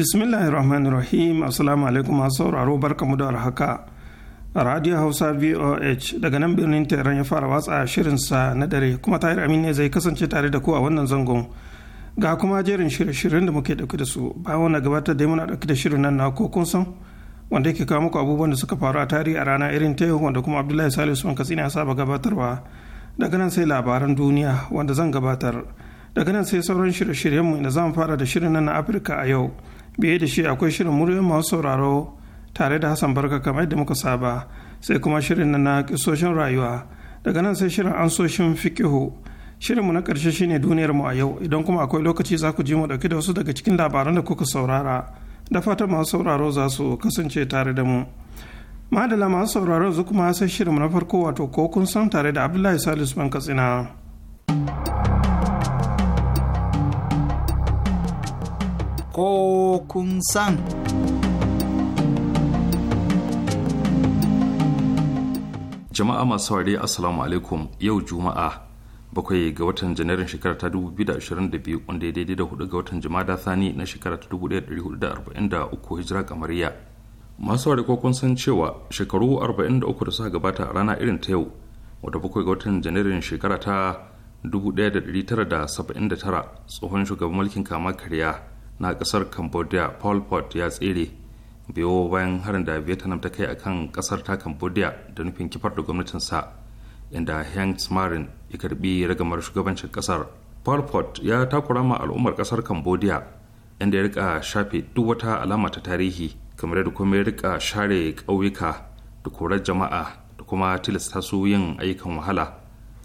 bismillahirrahmanirrahim assalamu alaikum masu sauraro barkamu da warhaka radio hausa voh daga nan birnin tehran ya fara watsa shirinsa na dare kuma tahir amin ne zai kasance tare da ku a wannan zangon ga kuma jerin shirye-shiryen da muke dauke da su bayan na gabatar da muna dauke da shirin nan na ko kun san wanda yake kawo muku abubuwan da suka faru a tarihi a rana irin ta yau wanda kuma abdullahi salisu usman katsina ya saba gabatarwa daga nan sai labaran duniya wanda zan gabatar daga nan sai sauran shirye-shiryenmu da zan fara da shirin nan na afirka a yau biye da shi akwai shirin muryoyin masu sauraro tare da hassan barka kamar yadda muka saba sai kuma shirin na na kisoshin rayuwa daga nan sai shirin ansoshin fikihu shirinmu na karshe shine duniyar mu a yau idan kuma akwai lokaci za ku ji mu dauki da wasu daga cikin labaran da kuka saurara da fatan masu sauraro za su kasance tare da mu madala masu sauraro yanzu kuma sai shirinmu na farko wato ko kun san tare da abdullahi salisu ban katsina ko kun san. Jama'a masu saurari Assalamu alaikum yau Juma'a bakwai ga watan janairun shekara ta 2022 wanda ya daidai da hudu ga watan da thani na shekara ta 1443 hijira kamariya. Masu saurari ko kun san cewa shekaru 43 da suka gabata a rana irin ta yau wata bakwai ga watan janairun shekara ta 1979 tsohon shugaban mulkin kama karya na kasar cambodia paul pot ya tsere biyo bayan harin da vietnam ta kai akan kasar ta cambodia da nufin kifar da gwamnatinsa inda heng smarin ya karbi ragamar shugabancin kasar paul pot ya takura ma al'ummar kasar cambodia inda ya rika shafe duk wata alama ta tarihi kamar da kuma ya rika share ƙauyuka da korar jama'a da kuma tilasta su yin ayyukan wahala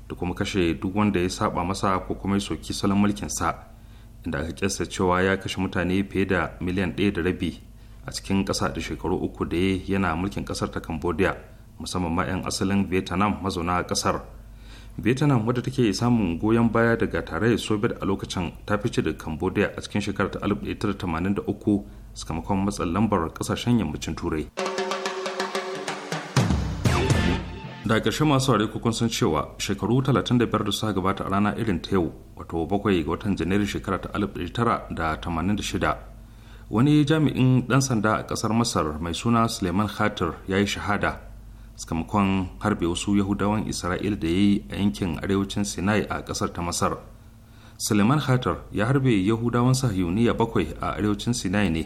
da kuma kashe duk wanda ya saba masa ko kuma ya soki salon mulkinsa inda aka kyasta cewa ya kashe mutane fiye da miliyan ɗaya da rabi a cikin ƙasa da shekaru uku da yana mulkin ƙasar ta cambodia musamman ma 'yan asalin vietnam mazauna a ƙasar vietnam wadda take samun goyon baya daga tarayyar soviet a lokacin ta fice da cambodia a cikin shekarar ta 1983 sakamakon matsin lambar ƙasashen yammacin turai da ƙarshe masu ware kukun sun cewa shekaru 35 da suka gabata a rana irin ta yau wato bakwai ga watan Janairu shekara ta 1986 wani jami'in ɗan sanda a ƙasar masar mai suna suleiman khatir ya yi shahada sakamakon harbe wasu yahudawan isra'il da ya yi a yankin arewacin sinai a ƙasar ta masar suleiman khatir ya harbe yahudawan sahiyuniya bakwai a arewacin sinai ne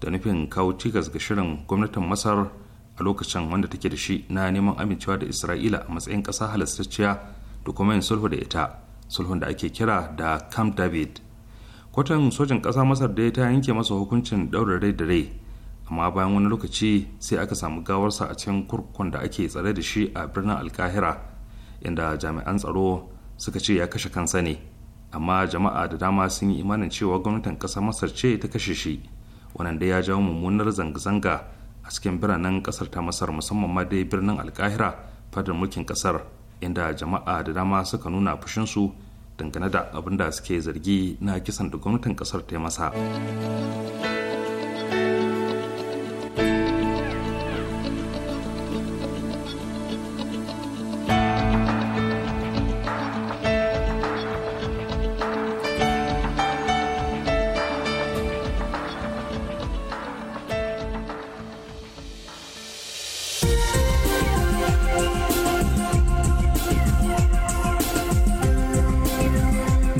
da nufin kawo cigas ga shirin gwamnatin masar a lokacin wanda take da shi na neman amincewa da isra'ila a matsayin ƙasa halastacciya da kuma yin sulhu da ita sulhun da ake kira da camp david kwatan sojin ƙasa masar da ta yanke masa hukuncin ɗaure rai da rai amma bayan wani lokaci sai aka samu gawarsa a cikin kurkukun da ake tsare da shi a birnin alkahira inda jami'an tsaro suka ce ya kashe kansa ne amma jama'a da dama sun yi imanin cewa gwamnatin ƙasar masar ce ta kashe shi wannan da ya jawo mummunar zanga-zanga a cikin biranen kasar ta masar musamman ma dai birnin alkahira fadar mulkin kasar inda jama'a da dama suka nuna fushinsu dangane da abin da suke zargi na kisan da gwamnatin kasar ta masa.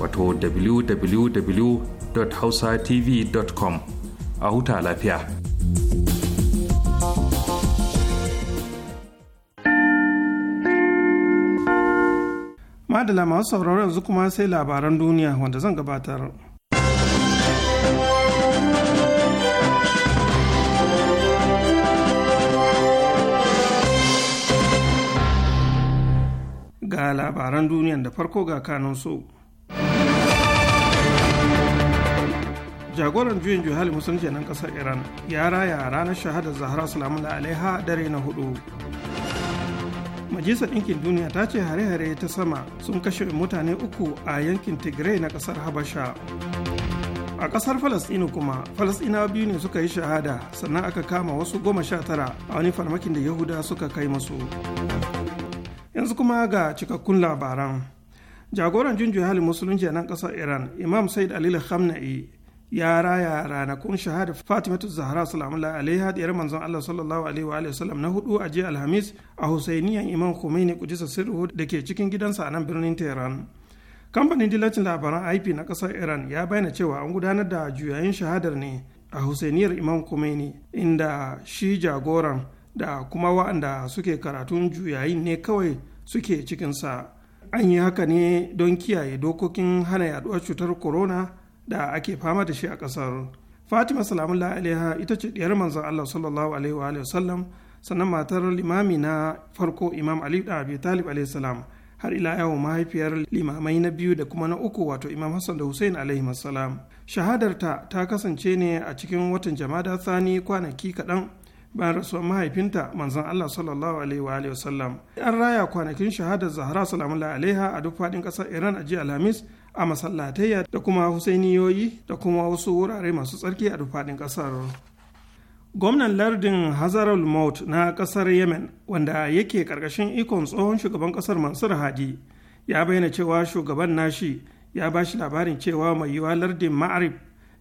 wato www.hausatv.com a huta lafiya. Madala masu sauraron yanzu kuma sai labaran duniya wanda zan gabatar. Ga labaran duniyan da farko ga kanunsu. jagoran juyin juhali musulunci nan kasar iran ya raya ranar shahadar zahra salamula alaiha dare na hudu majisar ɗinkin duniya ta ce hare-hare ta sama sun kashe mutane uku a yankin tigray na ƙasar habasha a ƙasar falasɗinu kuma falasɗinawa biyu ne suka yi shahada sannan aka kama wasu goma sha tara a wani farmakin da yahuda suka kai masu yanzu kuma ga cikakkun labaran jagoran junjiyar halin musulunci a nan ƙasar iran imam said alil khamna'i ya raya ranakun shahada fatimatu zahra salamullahi alaiha diyar manzon allah sallallahu alaihi wa sallam na hudu a jiya alhamis a husainiyan imam khomeini kudisa sirruhu da ke cikin gidansa a nan birnin tehran kamfanin dillacin labaran ip na kasar iran ya bayyana cewa an gudanar da juyayin shahadar ne a husainiyar imam khomeini inda shi jagoran da kuma wa'anda suke karatun juyayin ne kawai suke cikinsa an yi haka ne don kiyaye dokokin hana yaduwar cutar corona da ake fama da shi a ƙasar fatima salamullah alaiha ita ce ɗiyar manzon allah sallallahu alaihi wa sallam sannan matar limami na farko imam ali da abi talib alaihi har ila yau mahaifiyar limamai na biyu da kuma na uku wato imam hassan da hussein alaihi salam shahadarta ta kasance ne a cikin watan jama'a sani kwanaki kaɗan bayan rasuwar mahaifinta manzon allah sallallahu alaihi wa alihi wasallam an raya kwanakin shahadar zahra salamullahi alaiha a duk faɗin ƙasar iran a jiya alhamis a masallatai da kuma husainiyoyi da kuma wasu wurare masu tsarki a dufaɗin ƙasar gwamnan lardin hazarul maut na ƙasar yemen wanda yake ƙarƙashin ikon tsohon shugaban ƙasar mansur hadi ya bayyana cewa shugaban nashi ya ba shi labarin cewa mai yiwuwa lardin ma'arib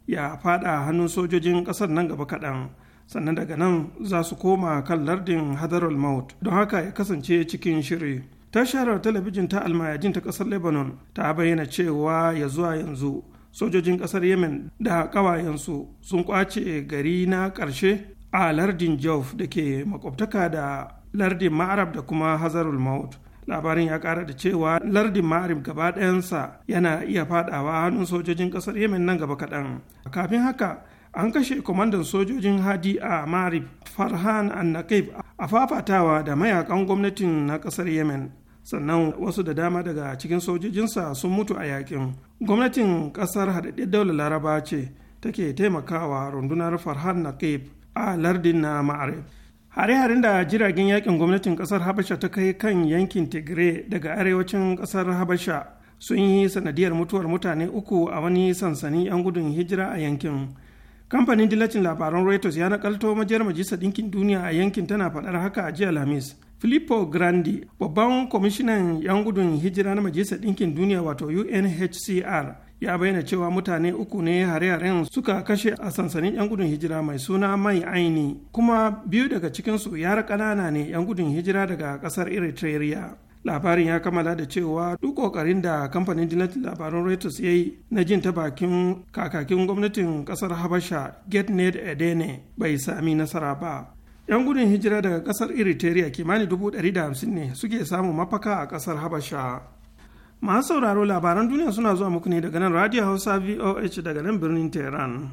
ya fada hannun sojojin ƙasar nan gaba kaɗan sannan daga nan za su koma kan lardin hazarul maut don haka ya kasance cikin shiri tasharar talabijin ta almayajin ta kasar lebanon ta bayyana cewa ya zuwa yanzu sojojin kasar yemen da kawayensu sun kwace gari na karshe a lardin jauf da ke makwabtaka da lardin ma'arab da kuma hazarul maut labarin ya kara da cewa lardin ma'arib gaba ɗayansa yana iya fadawa hannun sojojin kasar yemen nan gaba kaɗan kafin haka an kashe kwamandan sojojin hadi a marib farhan annaqib a fafatawa da mayakan gwamnatin na ƙasar yemen sannan wasu da dama daga cikin sojojinsa sun mutu a yakin gwamnatin ƙasar haɗaɗɗen daular laraba ce take taimakawa rundunar farhan naqib a lardin na ma'arif hare-haren da jiragen yakin gwamnatin kasar habasha ta kai kan yankin tigre daga arewacin kasar habasha sun yi sanadiyar mutuwar mutane uku a wani sansanin 'yan gudun hijira a yankin kamfanin dillacin labaran reuters ya nakalto majiyar majalisar ɗinkin duniya a yankin tana faɗar haka a jiya lamis filippo grandi babban kwamishinan 'yan gudun hijira na majalisar ɗinkin duniya wato unhcr ya bayyana cewa mutane uku ne hare-haren suka kashe a sansanin 'yan gudun hijira mai suna mai aini kuma biyu daga cikinsu yara ƙanana ne 'yan gudun hijira daga ƙasar eritrea labarin ya kammala da cewa duk kokarin da kamfanin dillancin labarun reuters ya yi na jin ta bakin kakakin gwamnatin kasar habasha getnet edene bai sami nasara ba yan gudun hijira daga kasar eritrea kimanin 150 ne suke samun mafaka a kasar habasha masu sauraro labaran duniya suna zuwa muku ne daga nan radio hausa voh daga nan birnin tehran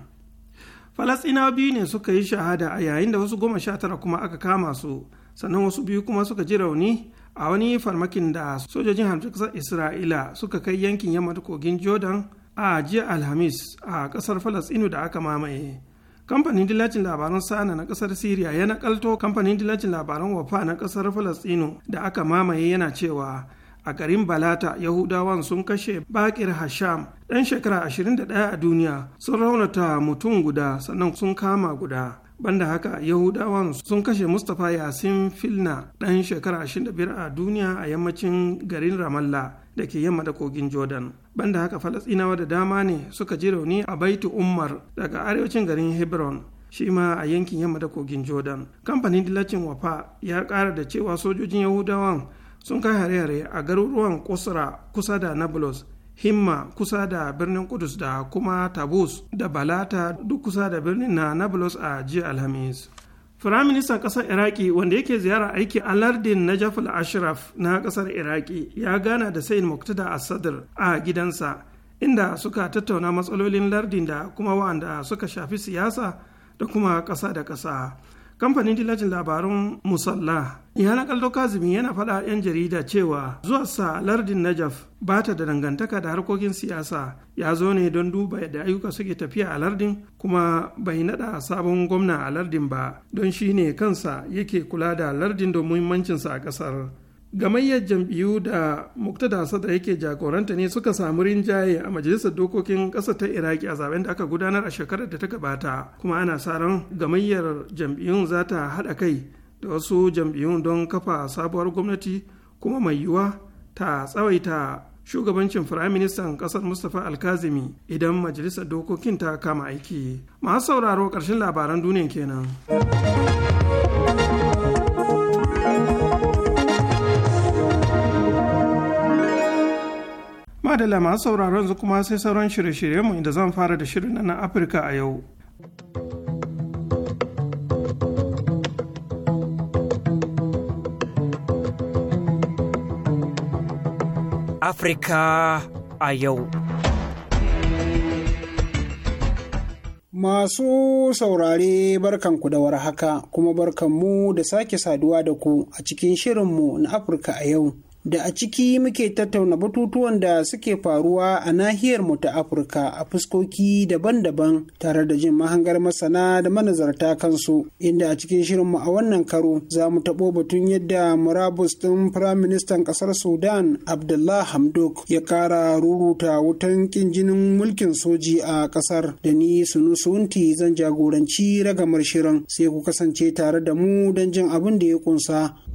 falasɗinawa biyu ne suka yi shahada a yayin da wasu goma sha tara kuma aka kama su sannan wasu biyu kuma suka ji rauni a wani farmakin da sojojin hamsin ƙasar isra'ila suka kai yankin yamma da kogin jordan a jiya alhamis a ƙasar falasɗinu da aka mamaye kamfanin dillacin labaran sana na ƙasar syria ya nakalto kamfanin dillacin labaran wafa na ƙasar falasɗinu da aka mamaye yana cewa a garin balata yahudawan sun kashe bakir hasham ɗan shekara 21 a duniya sun raunata mutum guda sannan sun kama guda banda haka yahudawan sun kashe mustapha yasin filna ɗan shekara 25 a duniya a yammacin garin ramallah da ke yamma da kogin jordan banda haka falasinawa da dama ne suka ji rauni a baitu umar daga arewacin garin hebron shi ma a yankin yamma da kogin jordan kamfanin dillacin wafa ya kara da cewa sojojin yahudawan sun kai hare-hare a garuruwan kusa da nablus himma kusa da birnin kudus da kuma tabus da balata duk kusa da birnin na nablus a jiya alhamis Firaministan ƙasar Iraki wanda yake ziyara aiki a lardin na al-Ashraf na ƙasar Iraki ya gana da Sayin Muktada sadr a gidansa inda suka tattauna matsalolin lardin da kuma wanda suka shafi siyasa da kuma ƙasa da ƙasa. kamfanin dillacin labarun musalla ya kaldo kazumi yana faɗa 'yan jarida cewa zuwa sa lardin najaf ba ta da dangantaka da harkokin siyasa ya zo ne don duba yadda ayyuka suke tafiya a lardin kuma bai naɗa sabon gwamna a lardin ba don shi ne kansa yake kula da lardin da muhimmancinsa a ƙasar gamayyar jam'iyyu da da sadar yake jagoranta ne suka samu rinjaye a majalisar dokokin ƙasa ta iraki a zaben da aka gudanar a shekarar da ta gabata kuma ana sa ran gamayyar jam'iyyun za ta haɗa kai da wasu jam'iyyun don kafa sabuwar gwamnati kuma mai yiwuwa ta tsawaita shugabancin firaministan ƙasar mustapha alkazimi idan majalisar dokokin ta kama aiki masu sauraro ƙarshen labaran duniya kenan. da masu sauraron yanzu kuma sai sauran shirye-shiryenmu inda zan fara da shirin na afirka a yau Afirka a yau. Masu saurare barkan ku da warhaka kuma barkanmu da sake saduwa da ku a cikin shirinmu na Afirka a yau. da a ciki muke tattauna batutuwan da suke faruwa a nahiyar mu ta Afirka a fuskoki daban-daban tare da jin mahangar masana da manazarta kansu inda a cikin shirin mu a wannan karo za mu taɓo batun yadda murabus ɗin firaministan ƙasar Sudan Abdullah Hamdok ya ƙara ruruta wutan ƙin jinin mulkin soji a ƙasar da ni Sunusunti zan jagoranci ragamar shirin sai ku kasance tare da mu don jin abin da ya ƙunsa.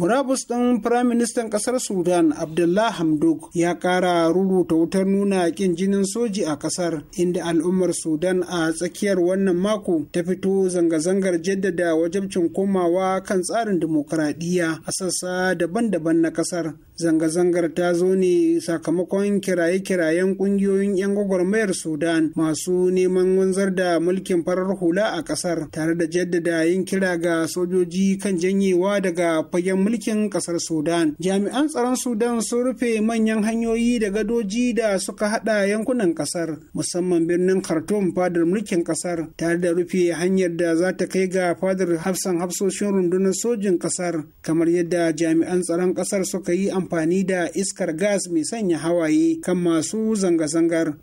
Murabus ɗin Firaministan ƙasar Sudan Abdullah Hamdok ya ƙara rubuta wutar nuna ƙin jinin soji a ƙasar inda al'ummar Sudan a tsakiyar wannan mako ta fito zanga-zangar jaddada wajabcin komawa kan tsarin dimokuraɗiyya a sassa daban-daban na ƙasar. Zanga-zangar ta zo ne sakamakon kiraye-kirayen ƙungiyoyin 'yan gwagwarmayar Sudan masu neman wanzar da mulkin farar hula a ƙasar tare da jaddada yin kira ga sojoji kan janyewa daga fagen mulkin kasar Sudan. Jami'an tsaron Sudan sun rufe manyan hanyoyi da gadoji da suka hada yankunan kasar musamman birnin Khartoum fadar mulkin kasar tare da rufe hanyar da za ta kai ga fadar hafsan hafsoshin rundunar sojin kasar kamar yadda jami'an tsaron kasar suka yi amfani da iskar gas mai sanya hawaye kan masu zanga-zangar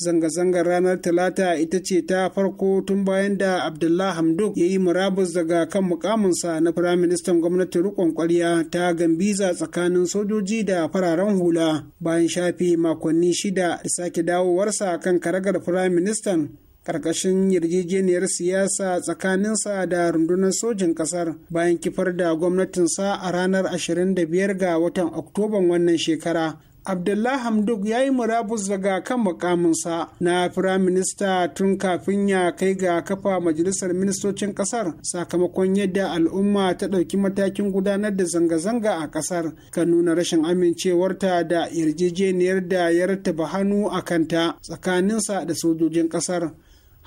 zanga-zangar ranar talata ita ce ta farko tun bayan da abdullah Hamduk ya yi murabus daga kan mukaminsa na firaministan gwamnatin rikon kwarya ta gambiza tsakanin sojoji da fararen hula bayan shafe makonni shida da sake dawowarsa kan karagar firaministan ƙarƙashin yarjejeniyar siyasa tsakaninsa da rundunar sojin ƙasar bayan kifar da gwamnatinsa a ranar 25 ga watan oktoban wannan shekara abdullah hamduk ya yi murabus daga kan mukaminsa na firaminista tun kafin ya kai ga kafa majalisar ministocin ƙasar. sakamakon yadda al'umma ta ɗauki matakin gudanar da zanga-zanga a ƙasar. Ka nuna rashin amincewarta da yarjejeniyar da ya rattaba hannu a kanta tsakaninsa da sojojin ƙasar.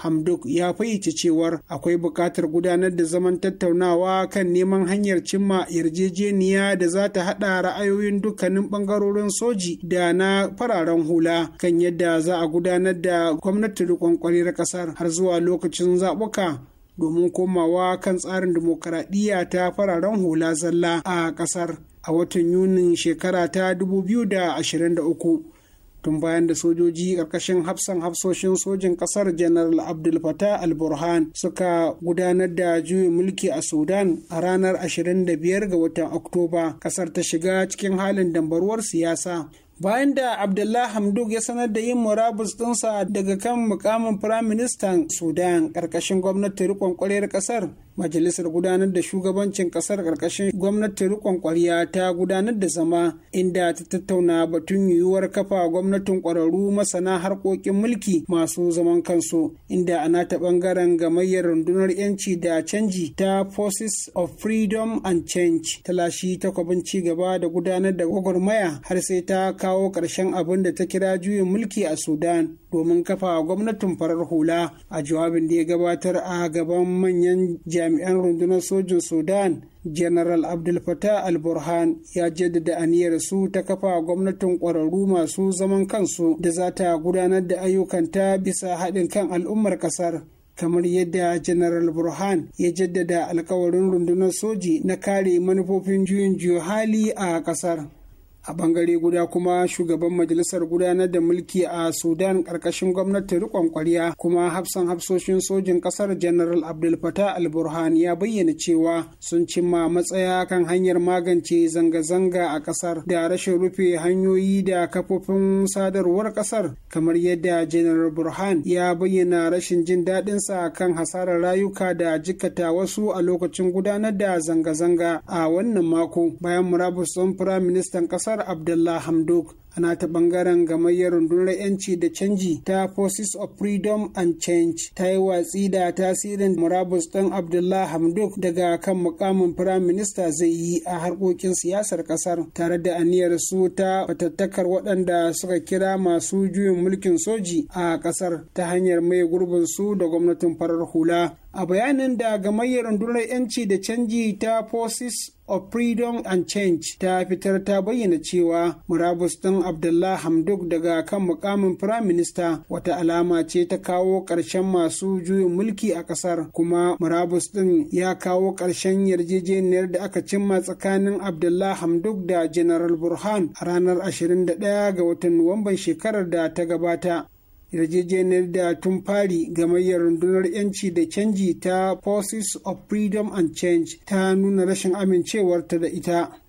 hamduk ya fayyace cewar akwai buƙatar gudanar da zaman tattaunawa kan neman hanyar cimma yarjejeniya da za ta haɗa ra'ayoyin dukkanin ɓangarorin soji da na fararen hula kan yadda za a gudanar da gwamnati riƙon ƙwarar ƙasar har zuwa lokacin zaɓuka domin komawa kan tsarin dimokuraɗiyya ta fararen hula zalla a ƙasar a watan yunin shekara ta 2023 tun bayan da sojoji ƙarƙashin hafsan hafsoshin sojin ƙasar janar abdul fatah al-burhan suka gudanar da juyin mulki a sudan a ranar 25 ga watan oktoba ƙasar ta shiga cikin halin dambaruwar siyasa bayan da abdullah hamduk ya sanar da yin murabus dinsa daga kan mukamin firaministan sudan ƙarƙashin gwamnati riƙon ƙwarar ƙasar Majalisar gudanar da shugabancin kasar ƙarƙashin gwamnati riƙon ƙwarya ta gudanar da zama inda ta tattauna batun yiwuwar kafa gwamnatin ƙwararru masana harkokin mulki masu zaman kansu inda a nata ɓangaren gamayyar rundunar 'yanci da canji ta Forces of Freedom and Change ta lashi takwabin ci gaba da gudanar da gwagwarmaya har sai ta kawo ƙarshen abin da ta kira juyin mulki a Sudan domin kafa gwamnatin farar hula a jawabin da ya gabatar a gaban manyan jami'ai jami'an rundunar sojin sudan general abdul fatah al-burhan ya jaddada aniyar su ta kafa gwamnatin ƙwararru masu zaman kansu da za ta gudanar da ayyukanta bisa haɗin kan al'ummar ƙasar kamar yadda general burhan ya jaddada alkawarin rundunar soji na kare manufofin juyin juyo hali a ƙasar a bangare guda kuma shugaban majalisar gudanar da mulki a sudan karkashin gwamnatin rikon kwarya kuma hafsan hafsoshin sojin kasar general abdul fatah al-burhan ya bayyana cewa sun cimma matsaya kan hanyar magance zanga-zanga a kasar da rashin rufe hanyoyi da kafofin sadarwar kasar kamar yadda general burhan ya bayyana rashin jin daɗinsa kan hasarar rayuka da jikata wasu a lokacin gudanar da zanga-zanga a wannan mako bayan murabus firaministan ƙasar abdullah hamdok ana ta bangaren gamayyar rundunar 'yanci da canji ta forces of freedom and change ta yi watsi da tasirin murabus ɗan abdullah hamduk daga kan mukamin firayim minista zai yi a harkokin siyasar ƙasar tare da aniyar su ta fatattakar waɗanda suka kira masu juyin mulkin soji a ƙasar ta hanyar mai gurbin su da gwamnatin farar hula a bayanin da gamayyar rundunar 'yanci da canji ta forces of freedom and change ta fitar ta bayyana cewa murabus ɗin abdullah hamduk daga kan mukamin prime minister wata alama ce ta kawo ƙarshen masu juyin mulki a ƙasar kuma murabus ɗin ya kawo karshen yarjejeniyar da aka cimma tsakanin abdullah hamduk da general burhan a ranar 21 ga watan nuwamban shekarar da ta gabata yarjejeniyar da tun fari gamayyar rundunar yanci da canji ta forces of freedom and change ta nuna rashin amincewarta da ita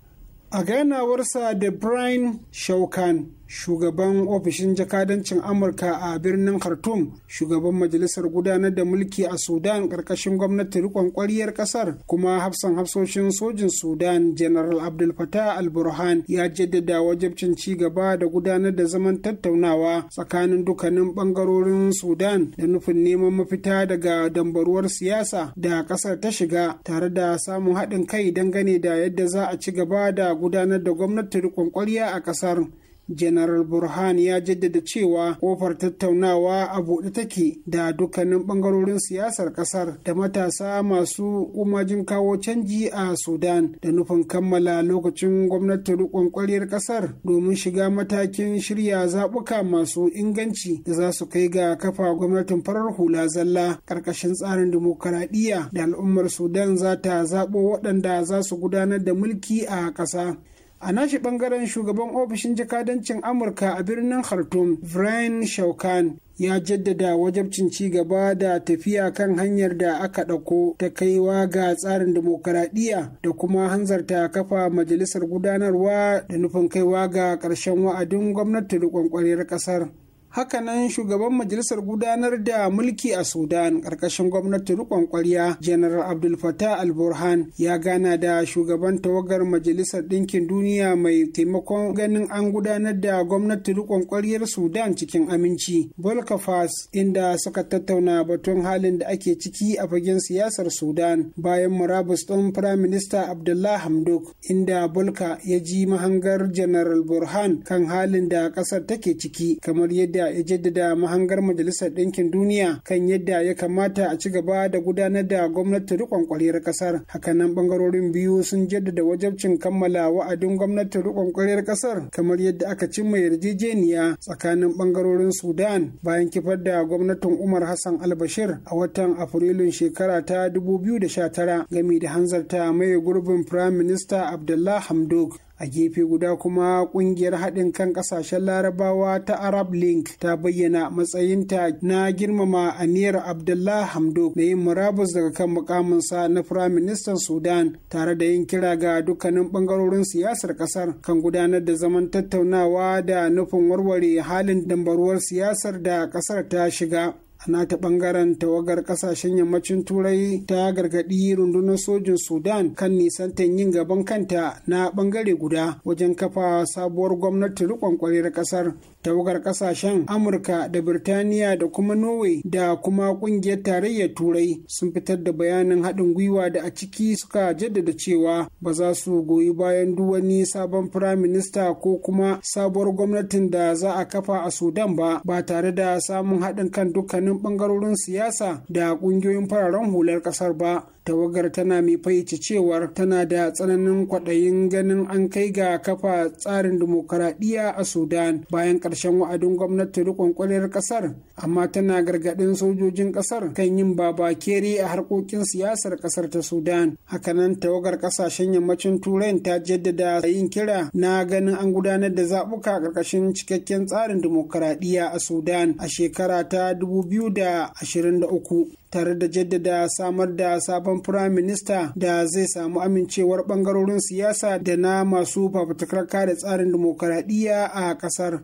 a ganawarsa da brian shaukan shugaban ofishin jakadancin amurka a birnin khartoum shugaban majalisar gudanar da mulki a sudan karkashin gwamnati rikon kwaryar kasar kuma hafsan hafsoshin sojin sudan general abdul fatah al-burhan ya jaddada wajabcin ci gaba da gudanar da zaman tattaunawa tsakanin dukkanin bangarorin sudan da nufin neman mafita daga dambaruwar siyasa da kasar ta shiga tare da samun haɗin kai dangane da yadda za a ci gaba da gudanar da gwamnati rikon kwariya a kasar General Burhan ya jaddada cewa kofar tattaunawa a buɗe take da dukkanin ɓangarorin siyasar ƙasar da matasa masu umajin kawo canji a Sudan da nufin kammala lokacin gwamnatin riƙon ƙwaryar ƙasar domin shiga matakin shirya zaɓuka masu inganci da za su kai ga kafa gwamnatin farar hula zalla ƙarƙashin tsarin dimokuraɗiyya da al'ummar Sudan za ta zaɓo waɗanda za su gudanar da mulki a ƙasa. a nashi bangaren shugaban ofishin jakadancin amurka a birnin khartoum brian shaukan ya jaddada wajabcin ci gaba da tafiya kan hanyar da aka ɗauko ta kaiwa ga tsarin dimokuraɗiyya da kuma hanzarta kafa majalisar gudanarwa da nufin kaiwa ga ƙarshen wa'adin gwamnati riƙon ƙwarar ƙasar hakanan shugaban majalisar gudanar da mulki a sudan ƙarƙashin gwamnatin riƙon ƙwarya General abdul fatah al burhan ya gana da shugaban tawagar majalisar ɗinkin duniya mai taimakon ganin an gudanar da gwamnatin riƙon ƙwaryar sudan cikin aminci bolkafas inda suka tattauna batun halin da ake ciki a fagen siyasar sudan bayan murabus ɗin firayim minista abdullah hamdok inda bolka ya ji mahangar General burhan kan halin da ƙasar take ciki kamar yadda inda ya jaddada mahangar majalisar ɗinkin duniya kan yadda ya kamata a ci gaba da gudanar da gwamnati riƙon ƙwaryar ƙasar hakanan ɓangarorin biyu sun jaddada wajabcin kammala wa'adin gwamnati riƙon ƙwarriyar ƙasar kamar yadda aka cimma yarjejeniya tsakanin ɓangarorin sudan bayan kifar da gwamnatin umar hassan albashir a watan afrilun shekara ta 2019 gami da hanzarta mai gurbin firayim minista abdullah hamdok a gefe guda kuma kungiyar haɗin kan ƙasashen larabawa ta arab link ta bayyana matsayinta na girmama aniyar abdullah Hamdo na yin murabus daga kan mukaminsa na firaministan sudan tare da yin kira ga dukkanin ɓangarorin siyasar ƙasar kan gudanar da zaman tattaunawa da nufin warware halin dambaruwar siyasar da ƙasar ta shiga a nata bangaren tawagar kasashen yammacin turai ta gargaɗi rundunar sojin sudan kan nisantar yin gaban kanta na bangare guda wajen kafa sabuwar gwamnati riƙon ƙwarar ƙasar tawagar kasashen amurka da birtaniya da kuma norway da kuma kungiyar tarayyar turai sun fitar da bayanin haɗin gwiwa da a ciki suka jaddada cewa ba za su goyi bayan duk wani sabon firaminista ko kuma sabuwar gwamnatin da za a kafa a sudan ba ba tare da samun haɗin kan dukkanin ɓangarorin siyasa da ƙungiyoyin fararen hular ƙasar ba tawagar tana mai faice cewar tana da tsananin kwaɗayin ganin an kai ga kafa tsarin dimokuraɗiyya a sudan bayan ƙarshen wa'adin gwamnati rikon ƙwarar ƙasar amma tana gargaɗin sojojin ƙasar kan yin babakere a harkokin siyasar ƙasar ta sudan hakanan tawagar ƙasashen yammacin turai ta jaddada yin kira na ganin an gudanar da zaɓuka ƙarƙashin cikakken tsarin dimokuraɗiyya a sudan a shekara ta 2023 tare da jaddada samar da sabon zaben firayim minista da zai samu amincewar bangarorin siyasa da na masu fafutukar kare tsarin dimokuraɗiyya a ƙasar.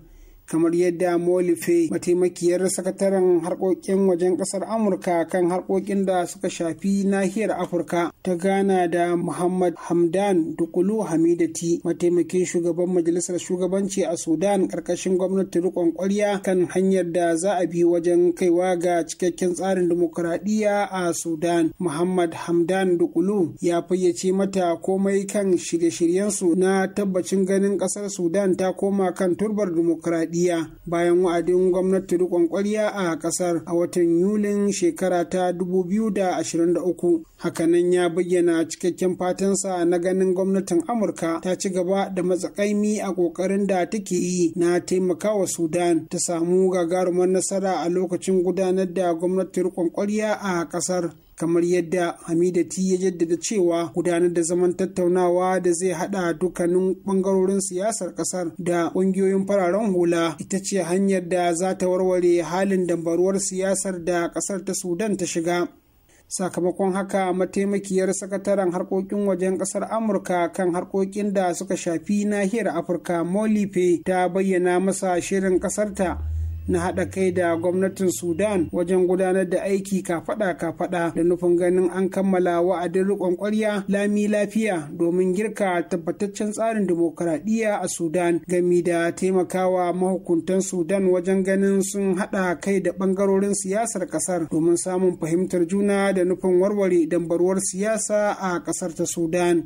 kamar yadda molife mataimakiyar sakataren harkokin wajen kasar amurka kan harkokin da suka shafi nahiyar afirka ta gana da muhammad hamdan dukulu hamidati mataimakin shugaban majalisar shugabanci a sudan karkashin gwamnati rikon kwarya kan hanyar da za a bi wajen kaiwa ga cikakken tsarin dimokuraɗiyya a sudan muhammad hamdan dukulu ya fayyace mata komai kan shirye-shiryensu na tabbacin ganin ƙasar sudan ta koma kan turbar demokuraɗiyya. Saudiya bayan wa'adin gwamnati rikon kwarya a kasar a watan Yulin shekara ta 2023. Hakanan ya bayyana cikakken fatansa na ganin gwamnatin Amurka ta ci gaba da matsakaimi a kokarin da take yi na taimakawa Sudan ta samu gagarumar nasara a lokacin gudanar da gwamnati rikon kwarya a kasar. kamar yadda hamidati ya jaddada cewa gudanar da zaman tattaunawa da zai hada dukkanin bangarorin siyasar kasar da kungiyoyin fararen hula ita ce hanyar da za ta warware halin dambaruwar siyasar da kasar ta sudan ta shiga sakamakon haka mataimakiyar sakataren harkokin wajen kasar amurka kan harkokin da suka shafi nahiyar afirka molife ta bayyana masa shirin kasarta na haɗa kai da gwamnatin sudan wajen gudanar da aiki kafaɗa-kafaɗa da nufin ganin an kammala wa'adin riƙon ƙwarya lami lafiya domin girka tabbataccen tsarin dimokuraɗiyya a sudan gami da taimakawa mahukuntan sudan wajen ganin sun haɗa kai da ɓangarorin siyasar ƙasar domin samun fahimtar juna da nufin warware dambarwar siyasa a ƙasar ta sudan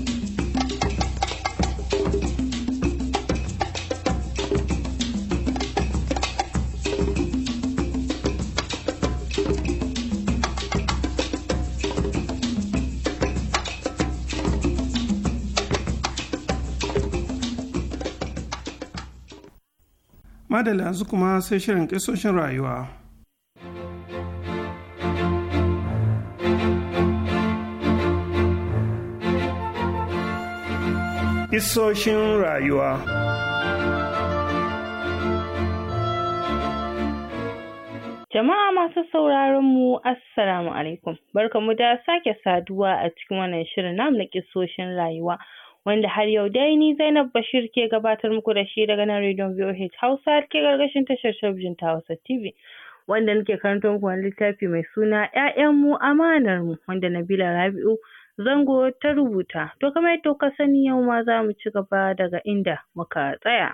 madalla yanzu kuma sai shirin kisoshin rayuwa. Isoshin rayuwa Jama'a masu sauraron mu Assalamu alaikum, barkamu da sake saduwa a cikin wannan shirin namu na kisoshin rayuwa. wanda har yau dai ni Zainab Bashir ke gabatar muku da shi daga nan rediyon VOH Hausa ke gargashin tashar talabijin ta Hausa TV. Wanda nake karanto muku wani littafi mai suna mu amanar mu wanda Nabila Rabi'u zango ta rubuta. To kamar yadda kuka sani yau ma za mu ci gaba daga inda muka tsaya.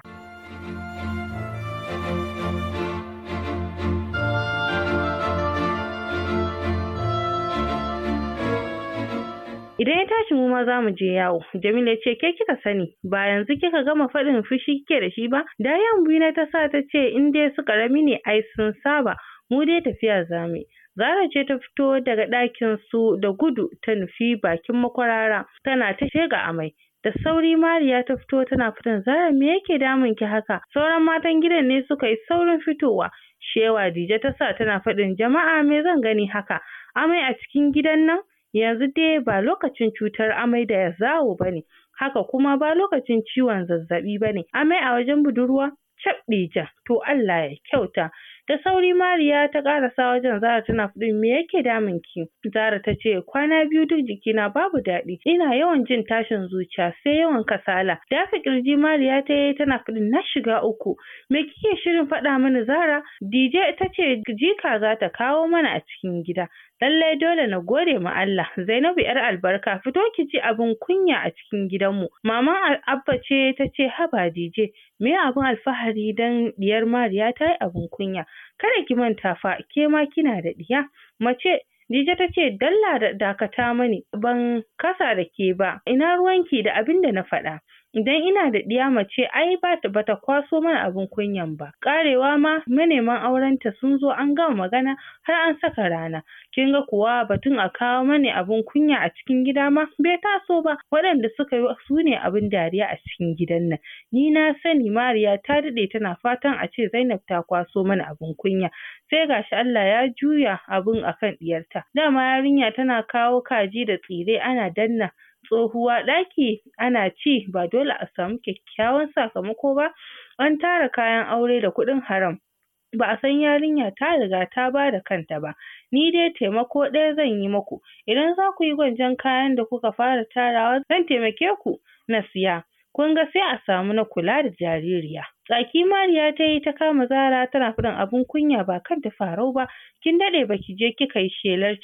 idan ya tashi mu ma zamu je yawo Jamila ya ce ke kika sani ba yanzu kika gama faɗin fushi kike da shi ba dariyan bina ta sa ta ce in dai su karami ne ai sun saba mu dai tafiya zamu Zara ce ta fito daga ɗakin su da gudu ta nufi bakin makwarara tana ta shega amai da sauri Mariya ta fito tana fitan Zara me yake damun ki haka sauran matan gidan ne suka yi saurin fitowa shewa Dije ta sa tana faɗin jama'a me zan gani haka amai a cikin gidan nan Yanzu dai ba lokacin cutar amai da ya zawo bane, haka kuma ba lokacin ciwon zazzaɓi ne. Amai a wajen budurwa? ja To Allah ya kyauta! Da sauri Mariya ta karasa wajen Zara tana faɗin me yake damun ki? Zara ta ce kwana biyu duk jikina babu daɗi. Ina yawan jin tashin zuciya sai yawan kasala. Dafa kirji Mariya ta yi tana faɗin na shiga uku. Me kike shirin faɗa mini Zara? DJ ta ce jika za ta kawo mana a cikin gida. lallai dole na gode ma Allah Zainabu yar albarka fito ki ji abin kunya a cikin gidanmu mama Abba ce ta ce haba dije me abin alfahari dan diyar Mariya ta yi abin kunya kada ki manta fa ke ma kina da diya mace Dije ta ce dalla da dakata mani ban kasa da ke ba ina ruwanki da abin da na faɗa idan ina da ɗiya mace ai bata kwaso mana abin kunyan ba ƙarewa ma maneman aurenta sun zo an gama magana har an saka rana kin ga kuwa batun a kawo mani abin kunya a cikin gida ma bai taso ba waɗanda suka yi su ne abin dariya a cikin gidan nan ni na sani Mariya ta daɗe tana fatan a ce Zainab ta kwaso mana abin kunya sai gashi Allah ya juya abin akan ɗiyarta dama yarinya tana kawo kaji da tsire ana danna tsohuwa ɗaki ana ci ba dole a samu kyakkyawan sakamako ba an tara kayan aure da kuɗin haram Ba a san yarinya ta riga ta bada kanta ba ni dai taimako ɗaya zan yi muku idan za ku yi gwanjon kayan da kuka fara tarawa zan taimake ku na siya kun ga sai a samu na kula da jaririya. Tsaki Mariya ta yi ta kama Zara tana faɗin abun kunya ba kan ta farau ba, kin daɗe ba ki je kika yi shelar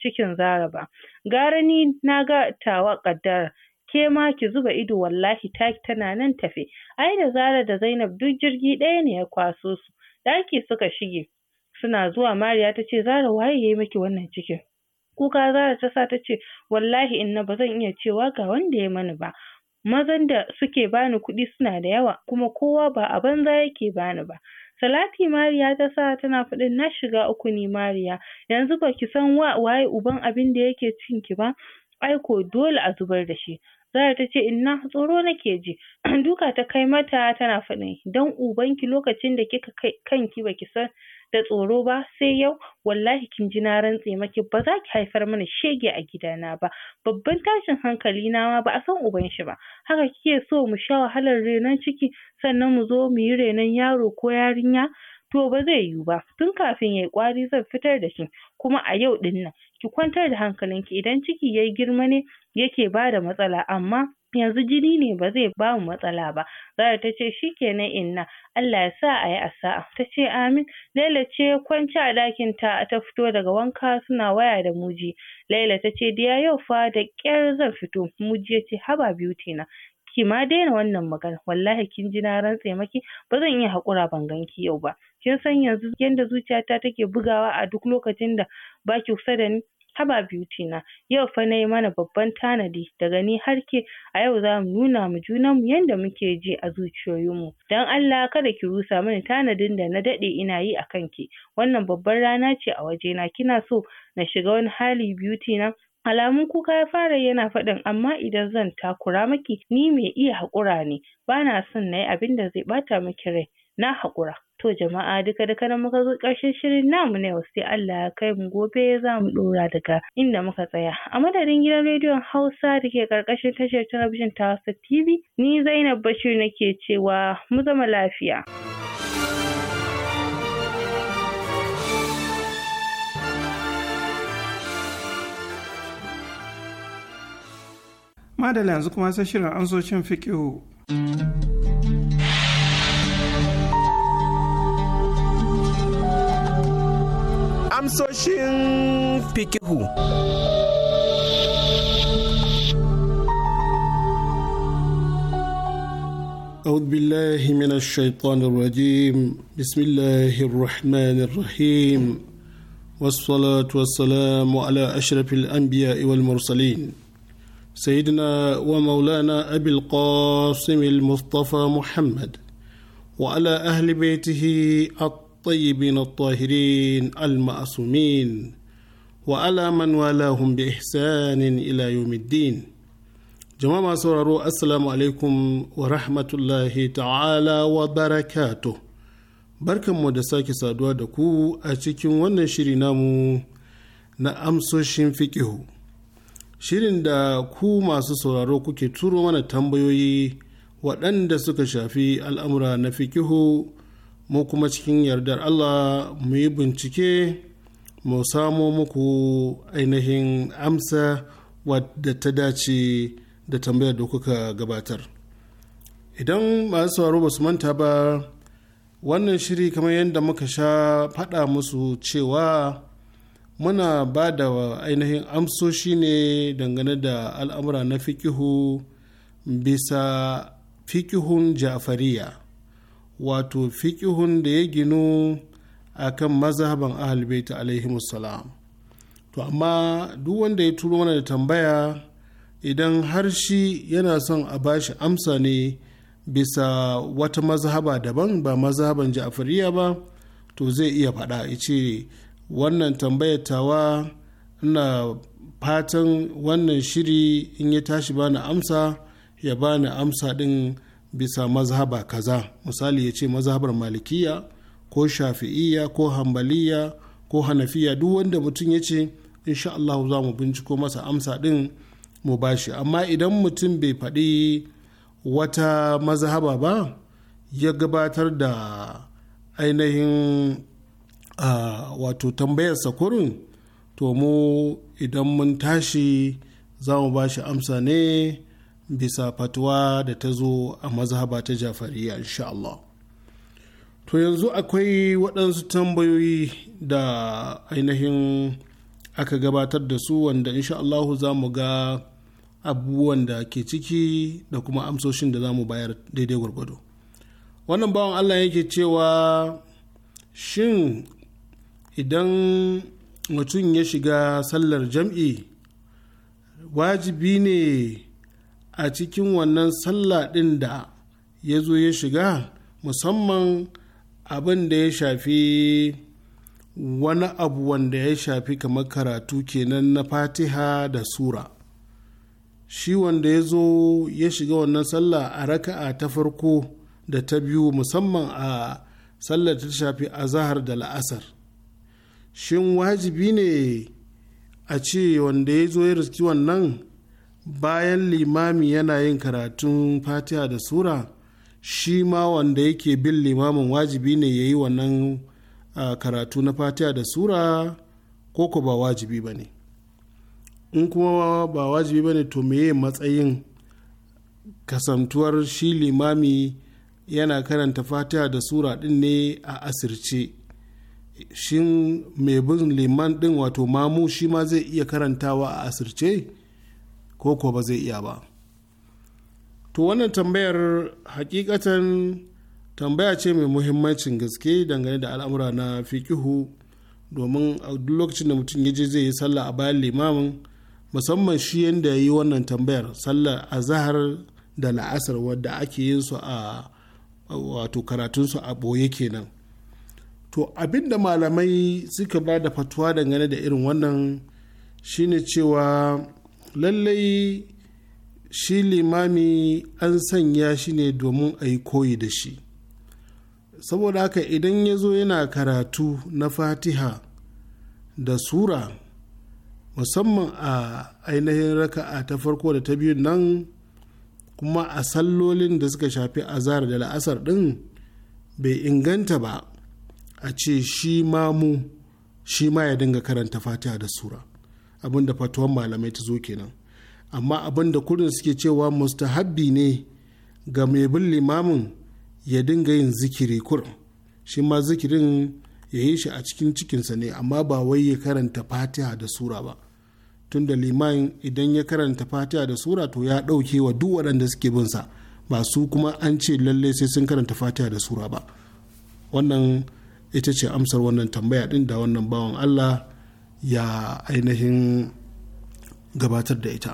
cikin Zara ba. Gara ni na ga tawa ƙaddara. Ke ma ki zuba ido wallahi taki tana nan tafe. Ai da Zara da Zainab duk jirgi ɗaya ne ya kwaso su. Ɗaki suka shige. Suna zuwa Mariya ta ce Zara waye ya yi miki wannan cikin? Kuka Zara ta sa ta ce wallahi inna ba zan iya cewa ga wanda ya mani ba. mazan da suke bani kuɗi suna da yawa kuma kowa ba a banza yake bani ba Salati Mariya ta sa tana faɗin na shiga uku ne, Mariya yanzu baki san waye uban abinda yake cin ki ba Aiko dole a zubar da shi Zara ta ce inna tsoro nake ji. Duka ta kai mata tana faɗin dan ubanki lokacin da kika kai kanki baki san da tsoro ba sai yau wallahi kin ji na rantse maki ba ki haifar mana shege a gidana ba babban tashin hankali na ma ba a san uban shi ba haka kike so mu sha wahalar renon ciki sannan mu zo mu yi renon yaro ko yarinya to ba zai yiwu ba tun kafin yayi kwari zan fitar da shi kuma a yau ɗin nan ki kwantar da hankalin ki. idan ciki yayi girma ne yake bada matsala amma yanzu jini ne ba zai bamu matsala ba Zara ta ce shikenan inna Allah ya sa ayi asa'a ta ce amin Laila ce kwance a ɗakin ta ta fito daga wanka suna waya da Muji Laila ta ce diya yau fa da ƙyar zan fito Muji ya ce haba beauty na ki ma daina wannan magana wallahi kin ji na rantse maki ba zan iya haƙura ban ganki yau ba kin san yanzu yanda zuciyata take bugawa a duk lokacin da baki kusa da ni haba beauty na yau fa nayi mana babban tanadi daga ni har ke a yau zamu nuna ma junan mu yanda muke ji a zuciyoyinmu. mu dan Allah kada ki rusa mini tanadin da na daɗe ina yi a kan ki wannan babbar rana ce a wajena kina so na shiga wani hali beauty na alamun kuka ya fara yana faɗin amma idan zan takura maki ni mai iya haƙura ne bana son nayi abinda zai ɓata miki rai na haƙura To jama'a duka duka nan muka zo ƙarshen shirin namu na yau sai Allah ya kai mu gobe za mu ɗora daga inda muka tsaya. A madadin gidan rediyon Hausa da ke ƙarƙashin tashar talabijin ta Hausa TV ni Zainab Bashir nake cewa mu zama lafiya. Madalla yanzu kuma sai shirin ansoshin fiƙihu. amsoshin pikihu أعوذ بالله من الشيطان الرجيم بسم الله الرحمن الرحيم والصلاة والسلام على أشرف الأنبياء والمرسلين سيدنا ومولانا أبي القاسم المصطفى محمد وعلى أهل بيته الطيبين الطيبين الطاهرين المعصومين وعلى من والاهم بإحسان إلى يوم الدين جماعة سورارو السلام عليكم ورحمة الله تعالى وبركاته mu da sake saduwa da ku a cikin wannan shiri namu na amsoshin fiƙihu shirin da ku masu sauraro kuke turo mana tambayoyi waɗanda suka shafi al'amura na fikihu mu kuma cikin yardar Allah mu yi bincike mu samo muku ainihin amsa wadda ta dace da tambayar da kuka gabatar idan masu sauraro ba su manta ba wannan shiri kamar yadda muka sha faɗa musu cewa muna ba da ainihin amsoshi ne dangane da al'amura na fikihu bisa fikihun ja'fariya wato fiƙihun da ya ginu a kan mazhaban ahalbaita alaihi to amma duk wanda ya turo mana da tambaya idan har shi yana son a bashi amsa ne bisa wata mazhaba daban ba mazhaban ja'afariya ba to zai iya faɗa ce wannan tambayar tawa ina fatan wannan shiri in ya tashi bani amsa ya bani amsa din. bisa mazhaba kaza misali ya ce mazhabar malikiya ko shafi'iya ko hambaliya ko hanafiya duk wanda mutum ya ce insha Allah za mu binciko masa amsa din mu bashi amma idan mutum bai faɗi wata mazhaba ba ya gabatar da ainihin wato tambayarsa sakurin to mu idan mun tashi za mu bashi amsa ne bisa fatuwa da ta zo a mazhaba ta jafariya insha Allah. To yanzu akwai waɗansu tambayoyi da ainihin aka gabatar da su wanda insha Allah za mu ga abubuwan da ke ciki da kuma amsoshin da za mu bayar daidai gwargwado. Wannan bawan Allah yake cewa shin idan mutum ya shiga sallar jam'i wajibi ne a cikin wannan sallah ɗin da ya zo ya shiga musamman abin da ya shafi wani abu wanda ya shafi kamar karatu kenan na fatiha da sura shi wanda ya zo ya shiga wannan sallah a raka'a ta farko da ta biyu musamman a sallar ta shafi azahar da la'asar shin wajibi ne a ce wanda ya zo ya riski wannan bayan limami yana yin karatun fatiha da sura shi ma wanda yake bin limamin wajibi ne ya yi wannan karatu na fatiha da sura ko ko ba wajibi ba ne in kuma ba wajibi ba ne to meye matsayin kasantuwar shi limami yana karanta fatiha da sura din ne a asirce shin mai bin liman din wato mamu shi ma zai iya karantawa a asirce ko ko ba zai iya ba to wannan tambayar hakikatan tambaya ce mai muhimmancin gaske dangane da al'amura na fikihu domin a duk lokacin da mutum ya je zai yi sallah a bayan limamin musamman shi yadda ya yi wannan tambayar sallar azahar da la'asar wadda ake yin su a wato karatunsu a ɓoye kenan to abinda malamai suka ba da fatuwa dangane da irin wannan shine cewa lallai shi limami an sanya shi ne domin a yi koyi da shi saboda haka idan ya zo yana karatu na fatiha da sura musamman a ainihin raka'a ta farko da ta biyu nan kuma a sallolin da suka shafi azar da la'asar ɗin bai inganta ba a ce shi mamu shi ma ya dinga karanta fatiha da sura abin da fatuwar malamai ta zo kenan amma abin da kurin suke cewa musta mustahabbi ne ga mai bin limamin ya dinga yin zikiri kurin shi ma zikirin ya yi shi a cikin cikinsa ne amma ba wai ya karanta fatiha da sura ba tunda liman idan ya karanta fatiha da sura to ya ɗauke wa duk waɗanda suke bin sa ba su kuma an ce lallai sai sun karanta fatiha da sura ba wannan ita ce amsar wannan tambaya din da wannan bawan allah ya ainihin gabatar da ita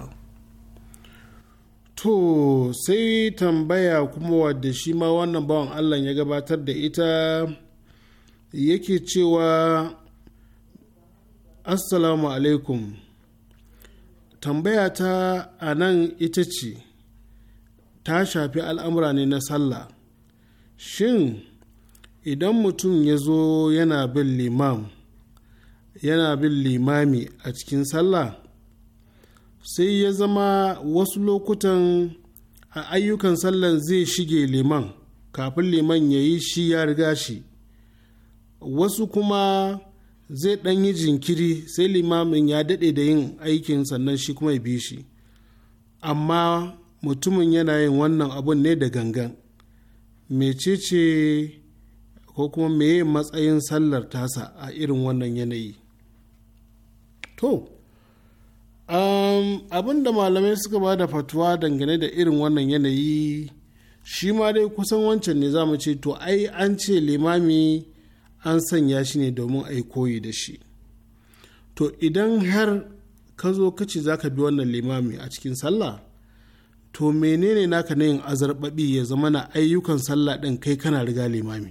to sai tambaya kuma wadda shi ma wannan bawan allah ya gabatar da ita yake cewa assalamu alaikum tambaya ta a nan ita ce ta shafi al'amura ne na sallah shin idan mutum ya zo yana bin limam yana bin limami a cikin sallah sai ya zama wasu lokutan a ayyukan sallan zai shige liman kafin liman ya yi shi ya riga shi wasu kuma zai ɗan yi jinkiri sai limamin ya daɗe da yin aikin sannan shi kuma ya bi shi amma mutumin yana yin wannan abun ne da gangan mecece ko kuma meye matsayin sallar tasa a irin wannan yanayi to um, abin da malamai suka ba da fatuwa dangane da irin wannan yanayi shi ma dai kusan wancan ne za mu ce to ai an ce limami an sanya shi ne domin ai koyi da shi to idan har ka zo ka ce za ka bi wannan limami a cikin sallah to menene naka na yin azarbabi ya zama na ayyukan sallah ɗin kai kana riga limami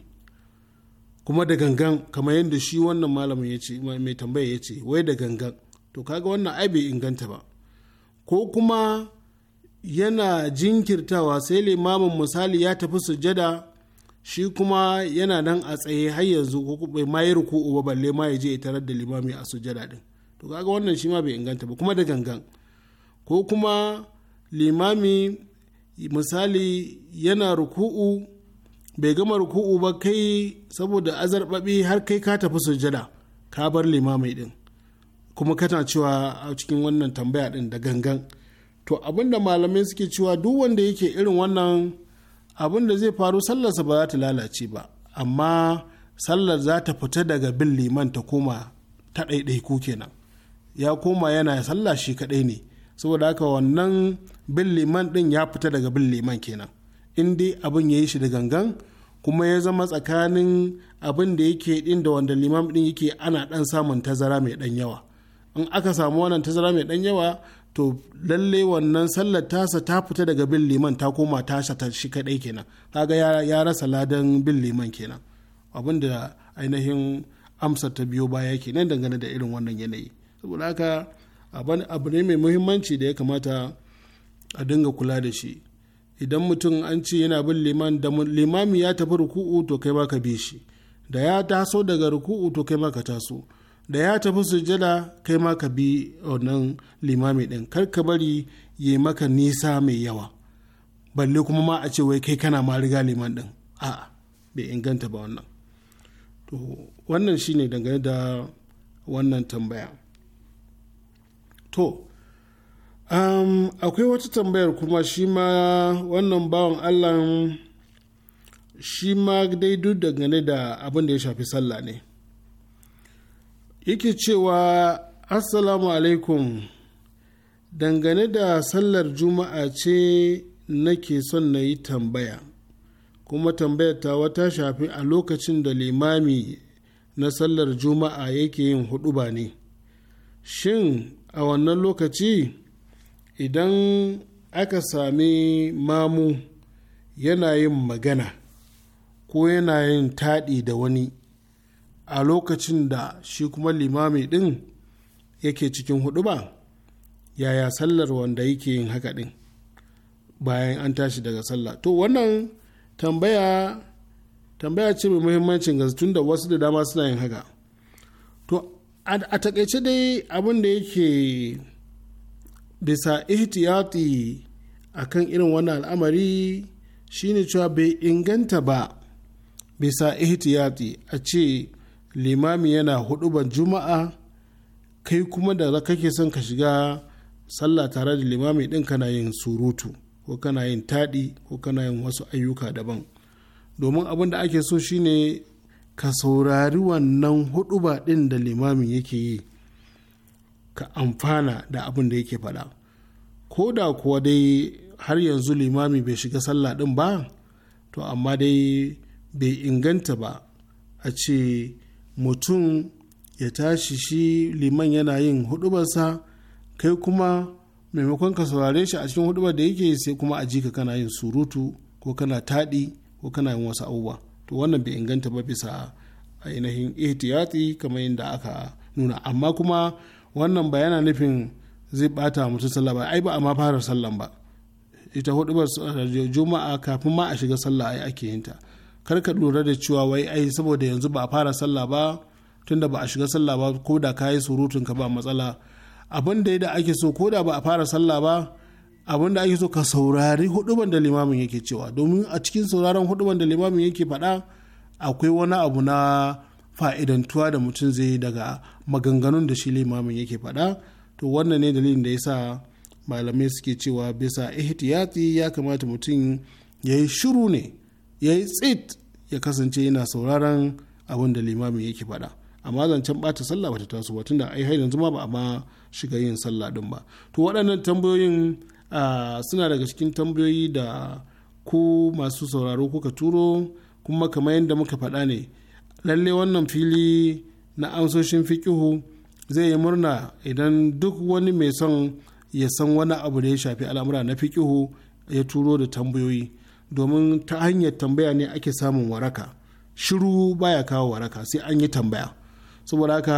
kuma da gangan kamar yadda shi wannan malamin ya ce mai tambaya ya ce wai da gangan to kaga wannan ai bai inganta ba ko kuma yana jinkirtawa sai limamin misali ya tafi sujada shi kuma yana nan a tsaye har yanzu ko bai ma yi ruku'u ba balle ma ya je ya tarar da limami a sujada din to kaga wannan shi ma bai inganta ba kuma da gangan ko kuma limami misali yana ruku'u bai gama ruku'u ba kai saboda azarbabi har kai ka tafi sujada ka bar limamai din kuma kana cewa a cikin wannan tambaya din da gangan to abinda malamai suke cewa duk wanda yake irin wannan abin da zai faru sallarsa ba za ta lalace ba amma sallar za ta fita daga bin liman ta koma ta ɗaiɗaiku kenan ya koma yana sallah shi kaɗai ne saboda haka wannan bin liman ɗin ya fita daga bin liman kenan in dai abin ya yi shi da gangan kuma ya zama tsakanin abin da yake din da wanda limam din yake ana dan samun tazara mai dan yawa in aka samu wannan tazara mai dan yawa to lalle wannan sallar tasa ta fita daga bin liman ta koma tasha ta shi kadai kenan kaga ya, ya rasa ladan bin liman kenan abin da ainihin amsa ta biyo baya kenan dangane da irin wannan yanayi saboda haka abu ne mai muhimmanci da ya kamata a dinga kula da shi idan mutum an ce yana bin liman da limami ya tafi ruku'u to kai ma ka bi shi da ya taso daga ruku'u to kai ma ka taso da ya tafi sujjada kai ma ka bi wannan limami din kar ka bari ya maka nisa mai yawa balle kuma ma a ce wai kai kana ma riga liman din a' bai inganta ba wannan to wannan shine dangane da wannan tambaya to um, akwai wata tambayar kuma shi ma wannan bawan allah shi ma dai duk dangane da abin da ya shafi sallah ne yake cewa assalamu alaikum dangane da sallar juma'a ce nake son na yi tambaya kuma tambayar ta wata shafi a lokacin da limami na sallar juma'a yake yin ba ne shin a wannan lokaci idan aka sami mamu yana yin magana ko yana yin taɗi da wani a lokacin da shi kuma limami ɗin yake cikin ba yaya sallar wanda yake yin haka ɗin bayan an tashi daga sallah to wannan tambaya tambaya ce mai muhimmancin gaske da wasu da dama suna yin haka to a takaice dai abin da yake bisa ihtiyati akan irin wannan al'amari shine cewa bai inganta ba bisa ihtiyati a ce limami yana huduban juma'a kai kuma da kake son ka shiga sallah tare da limami din kana yin surutu ko kana yin taɗi ko kana yin wasu ayyuka daban domin abin da ake so shine ka saurari wannan huduba din da limamin yake yi ka amfana da abin da yake faɗa ko da kuwa dai har yanzu limami bai shiga sallah ɗin ba to amma dai bai inganta ba a ce mutum ya tashi shi liman yana yin hudubarsa kai kuma maimakon ka saurare shi a cikin hudubar da yake sai kuma a ka kana yin surutu ko kana taɗi ko kana yin wasu abubuwa to wannan bai inganta ba bisa ainihin ihtiyati kamar yadda aka nuna amma kuma wannan ba yana nufin zai bata mutum sallah ba ai ba a ma fara sallan ba ita hudu ba juma'a kafin ma a shiga sallah ai ake yin ta kar ka lura da cewa wai ai saboda yanzu ba a fara sallah ba tunda ba a shiga sallah ba ko da kayi surutun ka ba matsala abin da da ake so ko da ba a fara sallah ba abin da ake so ka saurari huduban da limamin yake cewa domin a cikin sauraron huduban da limamin yake faɗa akwai wani abu na fa'idantuwa da mutum zai yi daga maganganun da shi limamin yake faɗa to wannan ne dalilin da ya sa malamai suke cewa bisa ihtiyati ya kamata mutum ya yi shiru ne ya yi tsit ya kasance yana sauraron abin da limamin yake faɗa amma zancen bata sallah bata taso ba tunda ai har zuma ba amma shiga yin sallah din ba to waɗannan tambayoyin suna daga cikin tambayoyi da ku masu sauraro kuka turo kuma kamar yadda muka faɗa ne lalle wannan fili na amsoshin fikihu zai yi murna idan duk wani mai son ya san wani abu da ya shafi al'amura na fikihu ya turo da tambayoyi domin ta hanyar tambaya ne ake samun waraka shiru baya kawo waraka sai an yi tambaya saboda haka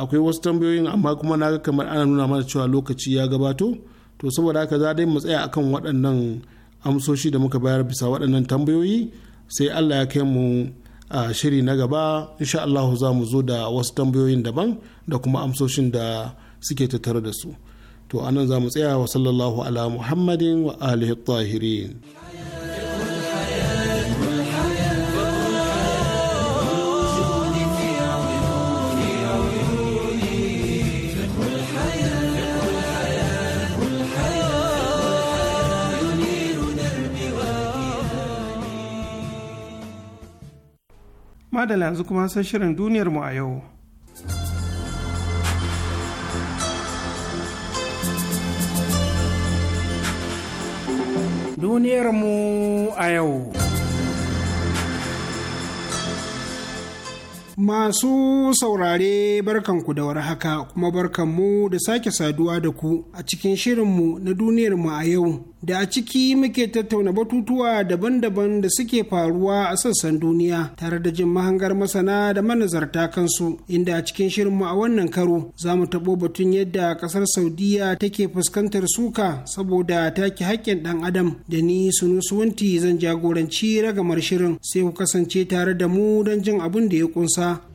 akwai wasu tambayoyin amma kuma na kamar ana nuna mana cewa lokaci ya gabato to saboda haka za dai mu tsaya akan waɗannan amsoshi da muka bayar bisa waɗannan tambayoyi sai allah ya kai mu a shiri na gaba insha Allah za mu zo da wasu tambayoyin daban da kuma amsoshin da suke tattare da su to anan za mu tsaya wa sallallahu ala muhammadin wa alihi tahirin madala yanzu kuma san shirin duniyar mu a yau duniyar mu a yau Masu saurare barkanku da war haka kuma barkanmu da sake saduwa da ku a cikin shirinmu na duniyar mu a yau da a ciki muke tattauna batutuwa daban-daban da suke faruwa a sassan duniya tare da jin mahangar masana da manazarta kansu inda a cikin shirinmu a wannan karo za mu taɓo batun yadda ƙasar saudiya take fuskantar suka saboda take haƙƙin ɗan adam da ni suwanti zan jagoranci ragamar shirin sai ku kasance tare da mu don jin abin da ya ƙunsa.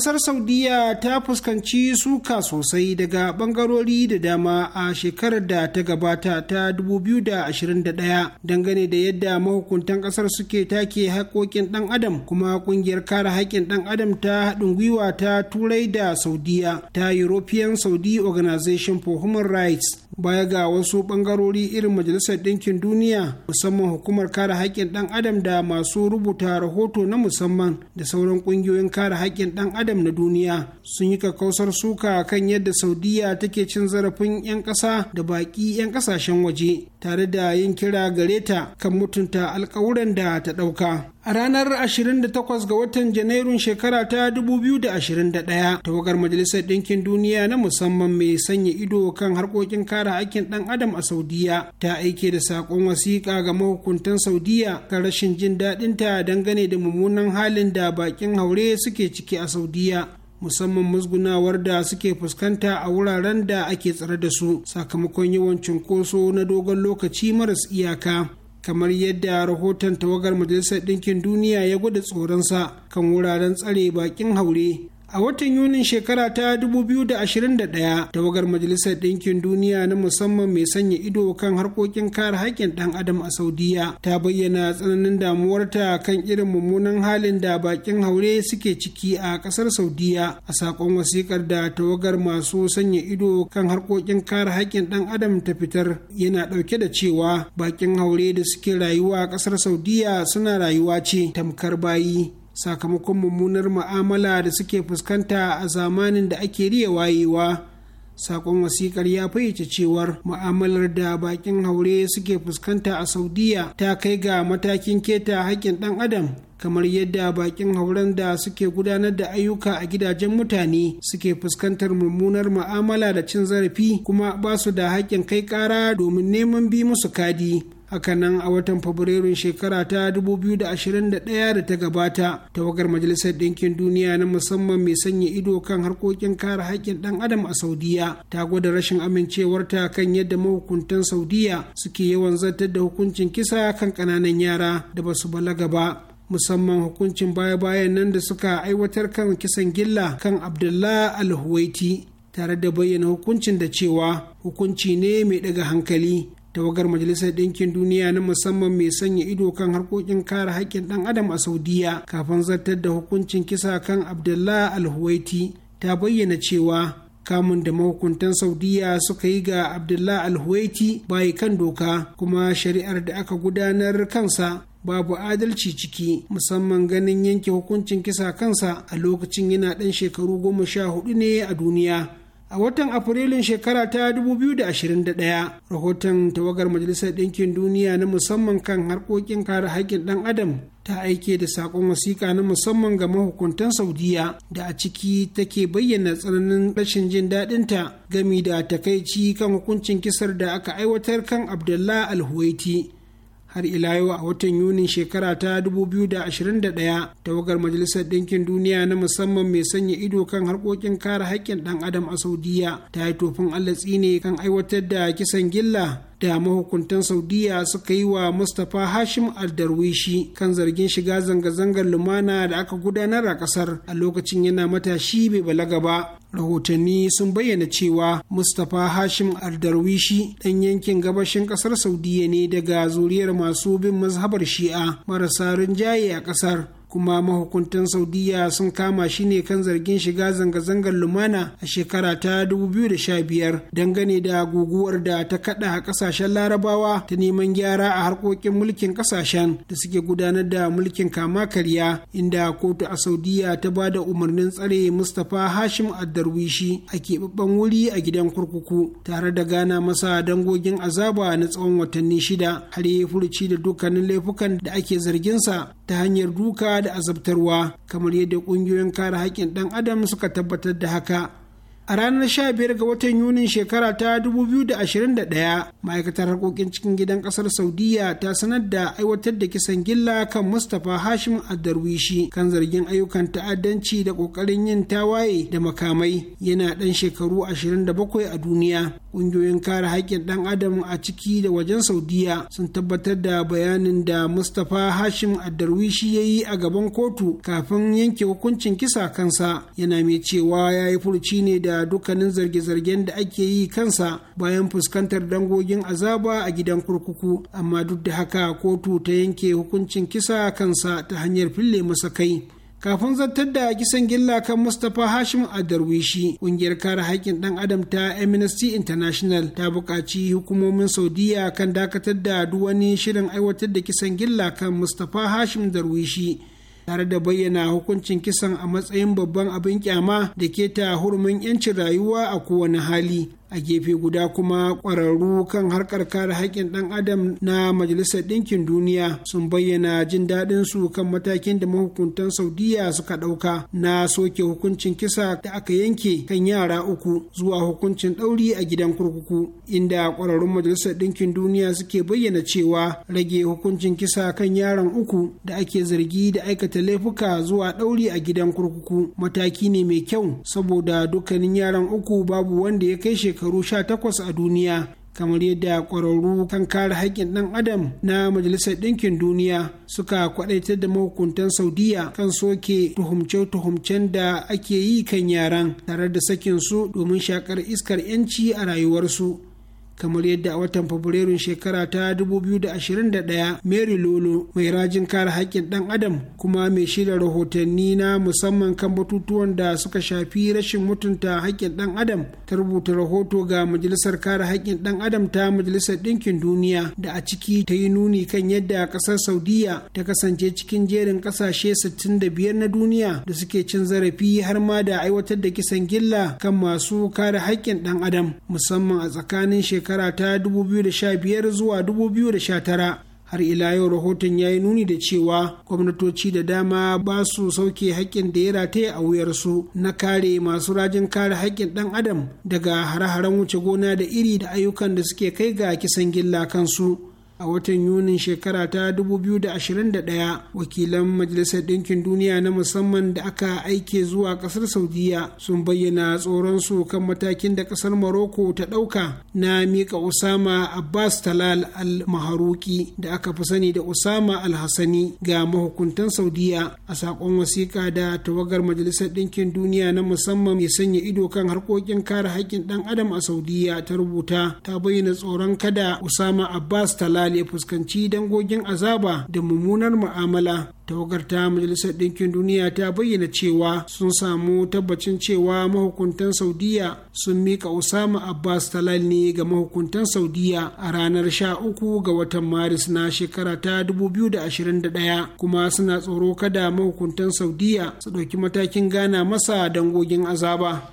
kasar saudiya ta fuskanci suka sosai daga bangarori da dama a shekarar da ta gabata ta 2021 dangane da yadda mahukuntan kasar suke take haƙoƙin ɗan adam kuma ƙungiyar kare haƙƙin ɗan adam ta haɗin gwiwa ta turai da saudiya ta european saudi organization for human rights baya ga wasu bangarori irin majalisar ɗinkin duniya musamman hukumar kare haƙƙin ɗan adam da masu rubuta rahoto na musamman da sauran ƙungiyoyin kare haƙƙin ɗan adam na duniya sun yi kakkausar suka kan yadda saudiya take cin zarafin 'yan ƙasa da baƙi 'yan ƙasashen waje tare da yin kira gare ta kan mutunta alƙawuran da ta ɗauka A ranar 28 ga watan Janairun shekara ta 2021, tawagar Majalisar Ɗinkin Duniya na musamman mai sanya ido kan harkokin kare hakkin ɗan adam a Saudiya ta aike da saƙon wasiƙa ga mahukuntan Saudiya kan rashin jin daɗinta dangane da mummunan halin da baƙin haure suke ciki a Saudiya. musamman musgunawar da suke fuskanta a wuraren da ake tsare da su sakamakon yawan cunkoso na dogon lokaci maras iyaka kamar yadda rahoton tawagar majalisar ɗinkin duniya ya gwada tsoronsa kan wuraren tsare bakin haure A watan Yunin shekara ta 2021, tawagar Majalisar Ɗinkin Duniya na musamman mai sanya ido kan harkokin kare haƙƙin ɗan adam a Saudiya ta bayyana tsananin damuwarta kan irin mummunan halin da bakin haure suke ciki a ƙasar Saudiya a saƙon wasiƙar da tawagar masu sanya ido kan harkokin kare haƙƙin ɗan adam ta fitar yana ɗauke da cewa bakin haure da suke rayuwa a ƙasar Saudiya suna rayuwa ce tamkar bayi sakamakon mummunar ma'amala da suke fuskanta a zamanin da ake riya wayewa sakon wasikar ya fayyace cewar Ma'amalar da bakin haure suke fuskanta a saudiya ta kai ga matakin keta haƙƙin ɗan adam kamar yadda bakin hauren da suke gudanar da ayyuka a gidajen mutane suke fuskantar mummunar ma'amala da cin zarafi kuma ba su da haƙƙin kai ƙara domin neman bi musu kadi hakanan a watan fabrairun shekara ta 2021 da ta gabata tawagar majalisar ɗinkin duniya na musamman mai sanya ido kan harkokin kare haƙƙin ɗan adam a saudiya ta gwada rashin amincewarta kan yadda mahukuntan saudiya suke yawan zartar da hukuncin kisa kan ƙananan yara da ba su balaga ba musamman hukuncin baya-bayan nan da suka aiwatar kan kisan gilla kan abdullah al tare da bayyana hukuncin da cewa hukunci ne mai daga hankali tawagar majalisar ɗinkin duniya na musamman mai sanya ido kan harkokin kare haƙƙin ɗan adam a saudiya kafin zartar da hukuncin kisa kan abdullah alhuwaiti ta bayyana cewa kamun da mahukuntan saudiya suka yi ga abdullah alhuwaiti bayi kan doka kuma shari'ar da aka gudanar kansa babu adalci ciki musamman ganin yanke hukuncin kisa kansa a lokacin yana ɗan shekaru goma sha hudu ne a duniya a watan afrilun shekara ta 2021 rahoton tawagar majalisar ɗinkin duniya na musamman kan harkokin kare haƙƙin ɗan adam ta aike da saƙon wasiƙa na musamman ga mahukuntan saudiya da a ciki take bayyana tsananin rashin jin daɗinta gami da takaici kan hukuncin kisar da aka aiwatar kan abdullah alhuwaiti har ila yau a watan yunin shekara ta 2021 tawagar majalisar ɗinkin duniya na musamman mai sanya ido kan harkokin kare haƙƙin ɗan adam a saudiya ta yi tofin allatsi ne kan aiwatar da kisan gilla da mahukuntan saudiya suka yi wa mustapha hashim aldarwishi kan zargin shiga zanga-zangar lumana da aka gudanar a kasar a lokacin yana matashi bai balaga ba rahotanni sun bayyana cewa mustapha hashim aldarwishi ɗan yankin gabashin ƙasar saudiya ne daga zuriyar masu bin mazhabar shi'a marasa rinjaye a ƙasar kuma mahukuntan saudiya sun kama shi ne kan zargin shiga zanga-zangar lumana a shekara ta 2015 dangane da guguwar da ta kada a kasashen larabawa ta neman gyara a harkokin mulkin kasashen da suke gudanar da mulkin kama karya inda kotu a saudiya ta ba da umarnin tsare mustapha hashim addarwishi a keɓaɓɓen wuri a gidan kurkuku tare da gana masa dangogin azaba na tsawon watanni shida har ya furuci da dukkanin laifukan da ake zarginsa ta hanyar duka da azabtarwa kamar yadda ƙungiyoyin kare haƙƙin ɗan adam suka tabbatar da haka a ranar 15 ga watan yunin shekara ta 2021 ma'aikatar harkokin cikin gidan ƙasar Saudiyya ta sanar da aiwatar da kisan gilla kan mustapha hashim adarwishi kan zargin ayyukan ta'addanci da ƙoƙarin yin tawaye da makamai yana ɗan shekaru 27 a duniya ƙungiyoyin kare haƙƙin ɗan adam a ciki da wajen Saudiyya sun tabbatar da bayanin da mustapha hashim adarwishi ya yi a gaban kotu kafin yanke hukuncin kisa kansa yana mai cewa ya yi furuci ne da dukkanin zarge-zargen da ake yi kansa bayan fuskantar dangogin azaba a gidan kurkuku amma duk da haka kotu ta yanke hukuncin kisa kansa ta hanyar fille masa kai kafin zartar da kisan gilla kan mustapha hashim a darwishi kungiyar kare haƙƙin ɗan adam ta amnesty international ta buƙaci hukumomin saudiya kan dakatar da duk wani shirin aiwatar da kisan gilla kan mustapha hashim darwishi tare da bayyana hukuncin kisan a matsayin babban abin kyama da ke keta hurumin 'yancin rayuwa a kowane hali a gefe guda kuma ƙwararru kan harkar kare haƙƙin ɗan adam na majalisar ɗinkin duniya sun bayyana jin daɗin su kan matakin da mahukuntan saudiya suka ɗauka na soke hukuncin kisa da aka yanke kan yara uku zuwa hukuncin ɗauri a gidan kurkuku inda ƙwararrun majalisar ɗinkin duniya suke bayyana cewa rage hukuncin kisa kan yaran uku da ake zargi da aikata laifuka zuwa ɗauri a gidan kurkuku mataki ne mai kyau saboda dukkanin yaran uku babu wanda ya kai shekaru shekaru 18 a duniya kamar yadda kwararru kan kare haƙƙin ɗan adam na majalisar ɗinkin duniya suka kwaɗaitar da mahukuntan saudiya kan soke tuhumce-tuhumcen da ake yi kan yaran tare da sakin su domin shakar iskar 'yanci a rayuwarsu kamar yadda a watan fabrairun shekara ta 2021 mary lolo mai rajin kare haƙƙin ɗan adam kuma mai shirya rahotanni na musamman kan batutuwan da suka shafi rashin mutunta haƙƙin ɗan adam ta rubuta rahoto ga majalisar kare haƙƙin ɗan adam ta majalisar ɗinkin duniya da a ciki ta yi nuni kan yadda ƙasar saudiya ta kasance cikin jerin ƙasashe 65 na duniya da suke cin zarafi har ma da aiwatar da kisan gilla kan masu kare haƙƙin ɗan adam musamman a tsakanin shekara shekara ta 2015 zuwa 2019 har ila yau rahoton ya yi nuni da cewa gwamnatoci da dama ba su sauke haƙƙin da ya rataye a wuyarsu na kare masu rajin kare haƙƙin ɗan adam daga hare-haren wuce gona da iri da ayyukan da suke kai ga kisan gilla kansu a watan yunin shekara ta 2021 wakilan majalisar ɗinkin duniya na musamman da aka aike zuwa ƙasar saudiya sun bayyana tsoron su kan matakin da ƙasar maroko ta ɗauka na mika usama abbas talal al-maharuki da aka fi sani da usama al-hassani ga mahukuntan saudiya a saƙon wasiƙa da tawagar majalisar ɗinkin duniya na musamman mai sanya ido kan harkokin kare haƙƙin ɗan adam a saudiya ta rubuta ta bayyana tsoron kada usama abbas talal misali ya fuskanci dangogin azaba da mummunar mu'amala tawagar ta majalisar ɗinkin duniya ta bayyana cewa sun samu tabbacin cewa mahukuntan saudiya sun mika usama abbas talal ne ga mahukuntan saudiya a ranar sha uku ga watan maris na shekara ta 2021 kuma suna tsoro kada mahukuntan saudiya su ɗauki matakin gana masa dangogin azaba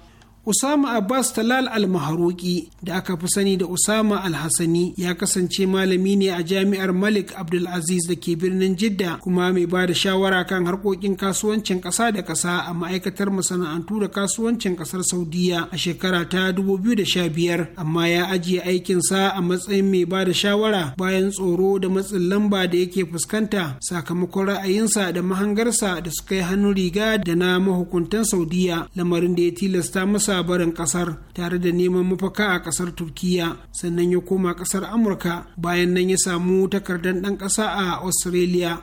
Usama Abbas Talal al maharuki da aka fi sani da Usama Al-Hassani ya kasance malami ne a jami'ar Malik Abdulaziz da ke birnin Jidda kuma mai ba da shawara kan harkokin kasuwancin ƙasa da ƙasa a ma'aikatar masana'antu da kasuwancin ƙasar Saudiya a shekara ta 2015 amma ya ajiye aikinsa a matsayin mai ba da shawara bayan tsoro da matsin lamba da yake fuskanta sakamakon ra'ayinsa da mahangarsa da suka yi hannun riga da na mahukuntan Saudiya lamarin da ya tilasta masa sa barin kasar tare da neman mafaka a kasar turkiya sannan ya koma kasar amurka bayan nan ya samu takardar ɗan ƙasa a australia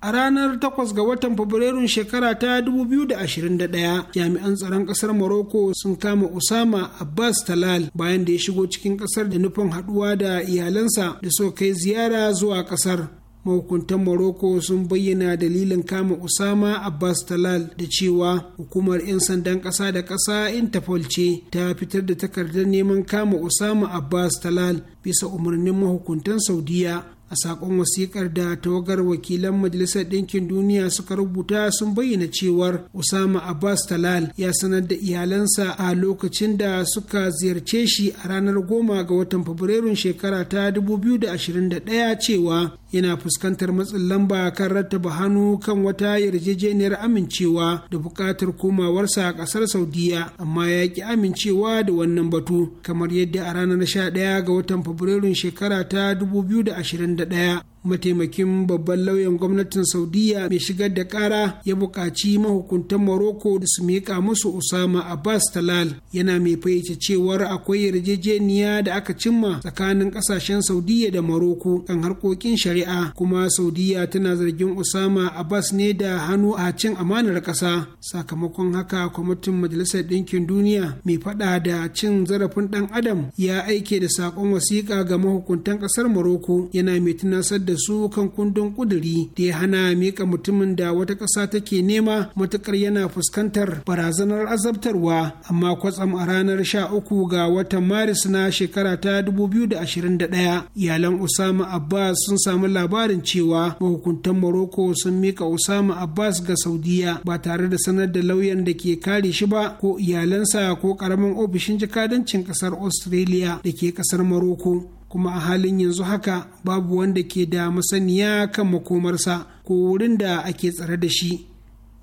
a ranar 8 ga watan fabrairun shekara ta 2021 jami'an tsaron kasar morocco sun kama usama abbas talal bayan da ya shigo cikin kasar da nufin haduwa da iyalansa da suka kai ziyara zuwa kasar mahukuntan Morocco sun bayyana dalilin kama Usama Abbas Talal da cewa hukumar 'yan sandan ƙasa da ƙasa Interpol ce ta fitar da takardar neman kama Usama Abbas Talal bisa umarnin mahukuntan Saudiya a sakon wasikar da tawagar wakilan majalisar ɗinkin duniya suka rubuta sun bayyana cewar usama abbas talal ya sanar da iyalansa a lokacin da suka ziyarce shi a ranar goma ga watan fabrairun shekara ta 2021 cewa yana fuskantar matsin lamba kan rattaba hannu kan wata yarjejeniyar amincewa da buƙatar komawarsa a ƙasar saudiya amma ya ƙi amincewa da wannan batu kamar yadda a ranar 11 ga watan fabrairun shekara ta 2020 91 mataimakin babban lauyan gwamnatin saudiya mai shigar da kara ya buƙaci mahukuntan morocco da su miƙa musu usama abbas talal yana mai fayyace cewar akwai yarjejeniya da aka cimma tsakanin ƙasashen saudiya da morocco kan harkokin shari'a kuma saudiya tana zargin usama abbas ne da hannu a cin amanar ƙasa sakamakon haka kwamitin majalisar ɗinkin duniya mai faɗa da cin zarafin ɗan adam ya aike da saƙon wasiƙa ga mahukuntan ƙasar morocco yana mai tunasar da da su kan kundin kuduri da ya hana mika mutumin da wata ƙasa take nema matukar yana fuskantar barazanar azabtarwa amma kwatsam a ranar sha uku ga watan maris na shekara ta dubu biyu da da 2021 iyalan usama abbas sun samu labarin cewa mahukuntan morocco sun mika usama abbas ga saudiya ba tare da sanar da lauyan da ke kare shi ba ko iyalansa ko ƙaramin ofishin jakadancin ƙasar australia da ke ƙasar morocco kuma a halin yanzu haka babu wanda ke da masaniya kan makomarsa ko wurin da ake tsare da shi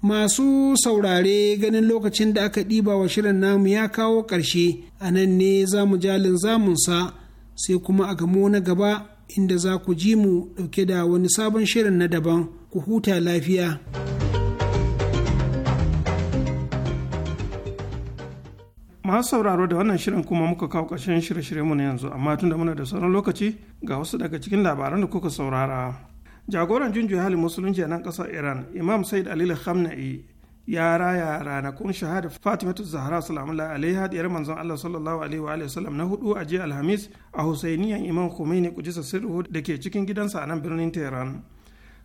masu saurare ganin lokacin da aka ɗiba wa shirin namu ya kawo ƙarshe a nan ne za mu jalin zamunsa sai kuma a gamo na gaba inda za ku ji mu ɗauke da wani sabon shirin na daban ku huta lafiya. masu sauraro da wannan shirin kuma muka kawo ƙarshen shirye-shiryenmu na yanzu amma tunda muna da sauran lokaci ga wasu daga cikin labaran da kuka saurara jagoran junju halin musulunci a nan kasar iran imam said alil khamna'i ya raya ranakun shahada fatimatu zahra alaihi alaiha diyar manzon allah sallallahu alaihi wa sallam na hudu a jiya alhamis a husainiyan imam khomeini kudisa sirruhu da ke cikin gidansa a nan birnin tehran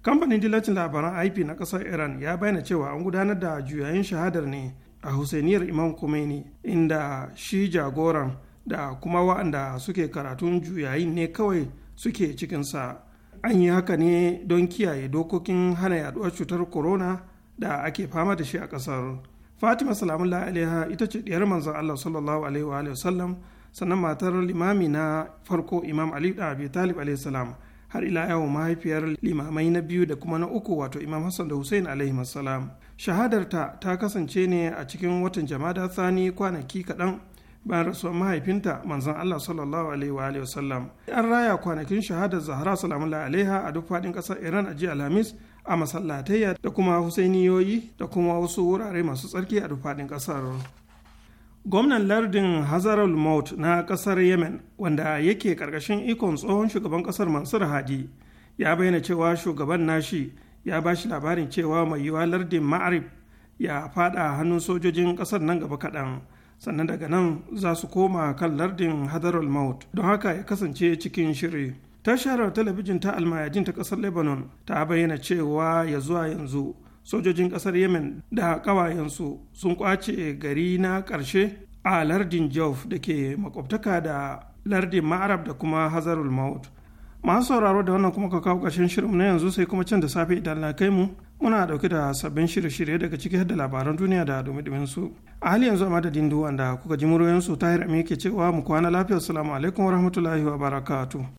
kamfanin dillacin labaran ip na kasar iran ya bayyana cewa an gudanar da juyayin shahadar ne a husainiyar imam Khomeini inda shi jagoran da kuma wa'anda suke karatun juyayin ne kawai suke cikinsa an yi haka ne don kiyaye dokokin hana yaduwar cutar corona da ake fama da shi a ƙasar fatima salamullah alaiha ita ce diyar manzon allah sallallahu alaihi wa sallam sannan matar limami na farko imam ali da abi talib alaihi salam har ila yau mahaifiyar limamai na biyu da kuma na uku wato imam hassan da hussein alaihi salam shahadar ta ta kasance ne a cikin watan jama'a sani kwanaki kaɗan bayan rasuwar mahaifinta manzon Allah sallallahu alaihi wa alihi wasallam an raya kwanakin shahadar Zahra salamullahi alaiha a duk faɗin ƙasar Iran a jiya Alhamis a masallatayya da kuma husainiyoyi da kuma wasu wurare masu tsarki a duk faɗin ƙasar gwamnan lardin hazarul maut na kasar yemen wanda yake karkashin ikon tsohon shugaban kasar mansur hadi ya bayyana cewa shugaban nashi ya ba shi labarin cewa mai yiwuwa lardin Ma'arif ya fada hannun sojojin ƙasar nan gaba kaɗan sannan daga nan za su koma kan lardin hadarul maut don haka ya kasance cikin shiri tasharar talabijin ta almayajin ta ƙasar lebanon ta bayyana cewa ya zuwa yanzu sojojin ƙasar yemen da ƙawayensu sun kwace gari na ƙarshe a lardin jauf da ke makwabtaka da lardin ma'arab da kuma hazarul maut masu sauraro da wannan kuma ka kawo ƙarshen shirin na yanzu sai kuma can da safe idan na kai mu muna dauke da sabbin shirye-shirye daga ciki da labaran duniya da dumi su a hali yanzu a madadin wanda kuka ji muryoyinsu su tahir ke cewa mu kwana lafiya assalamu alaikum wa barakatu.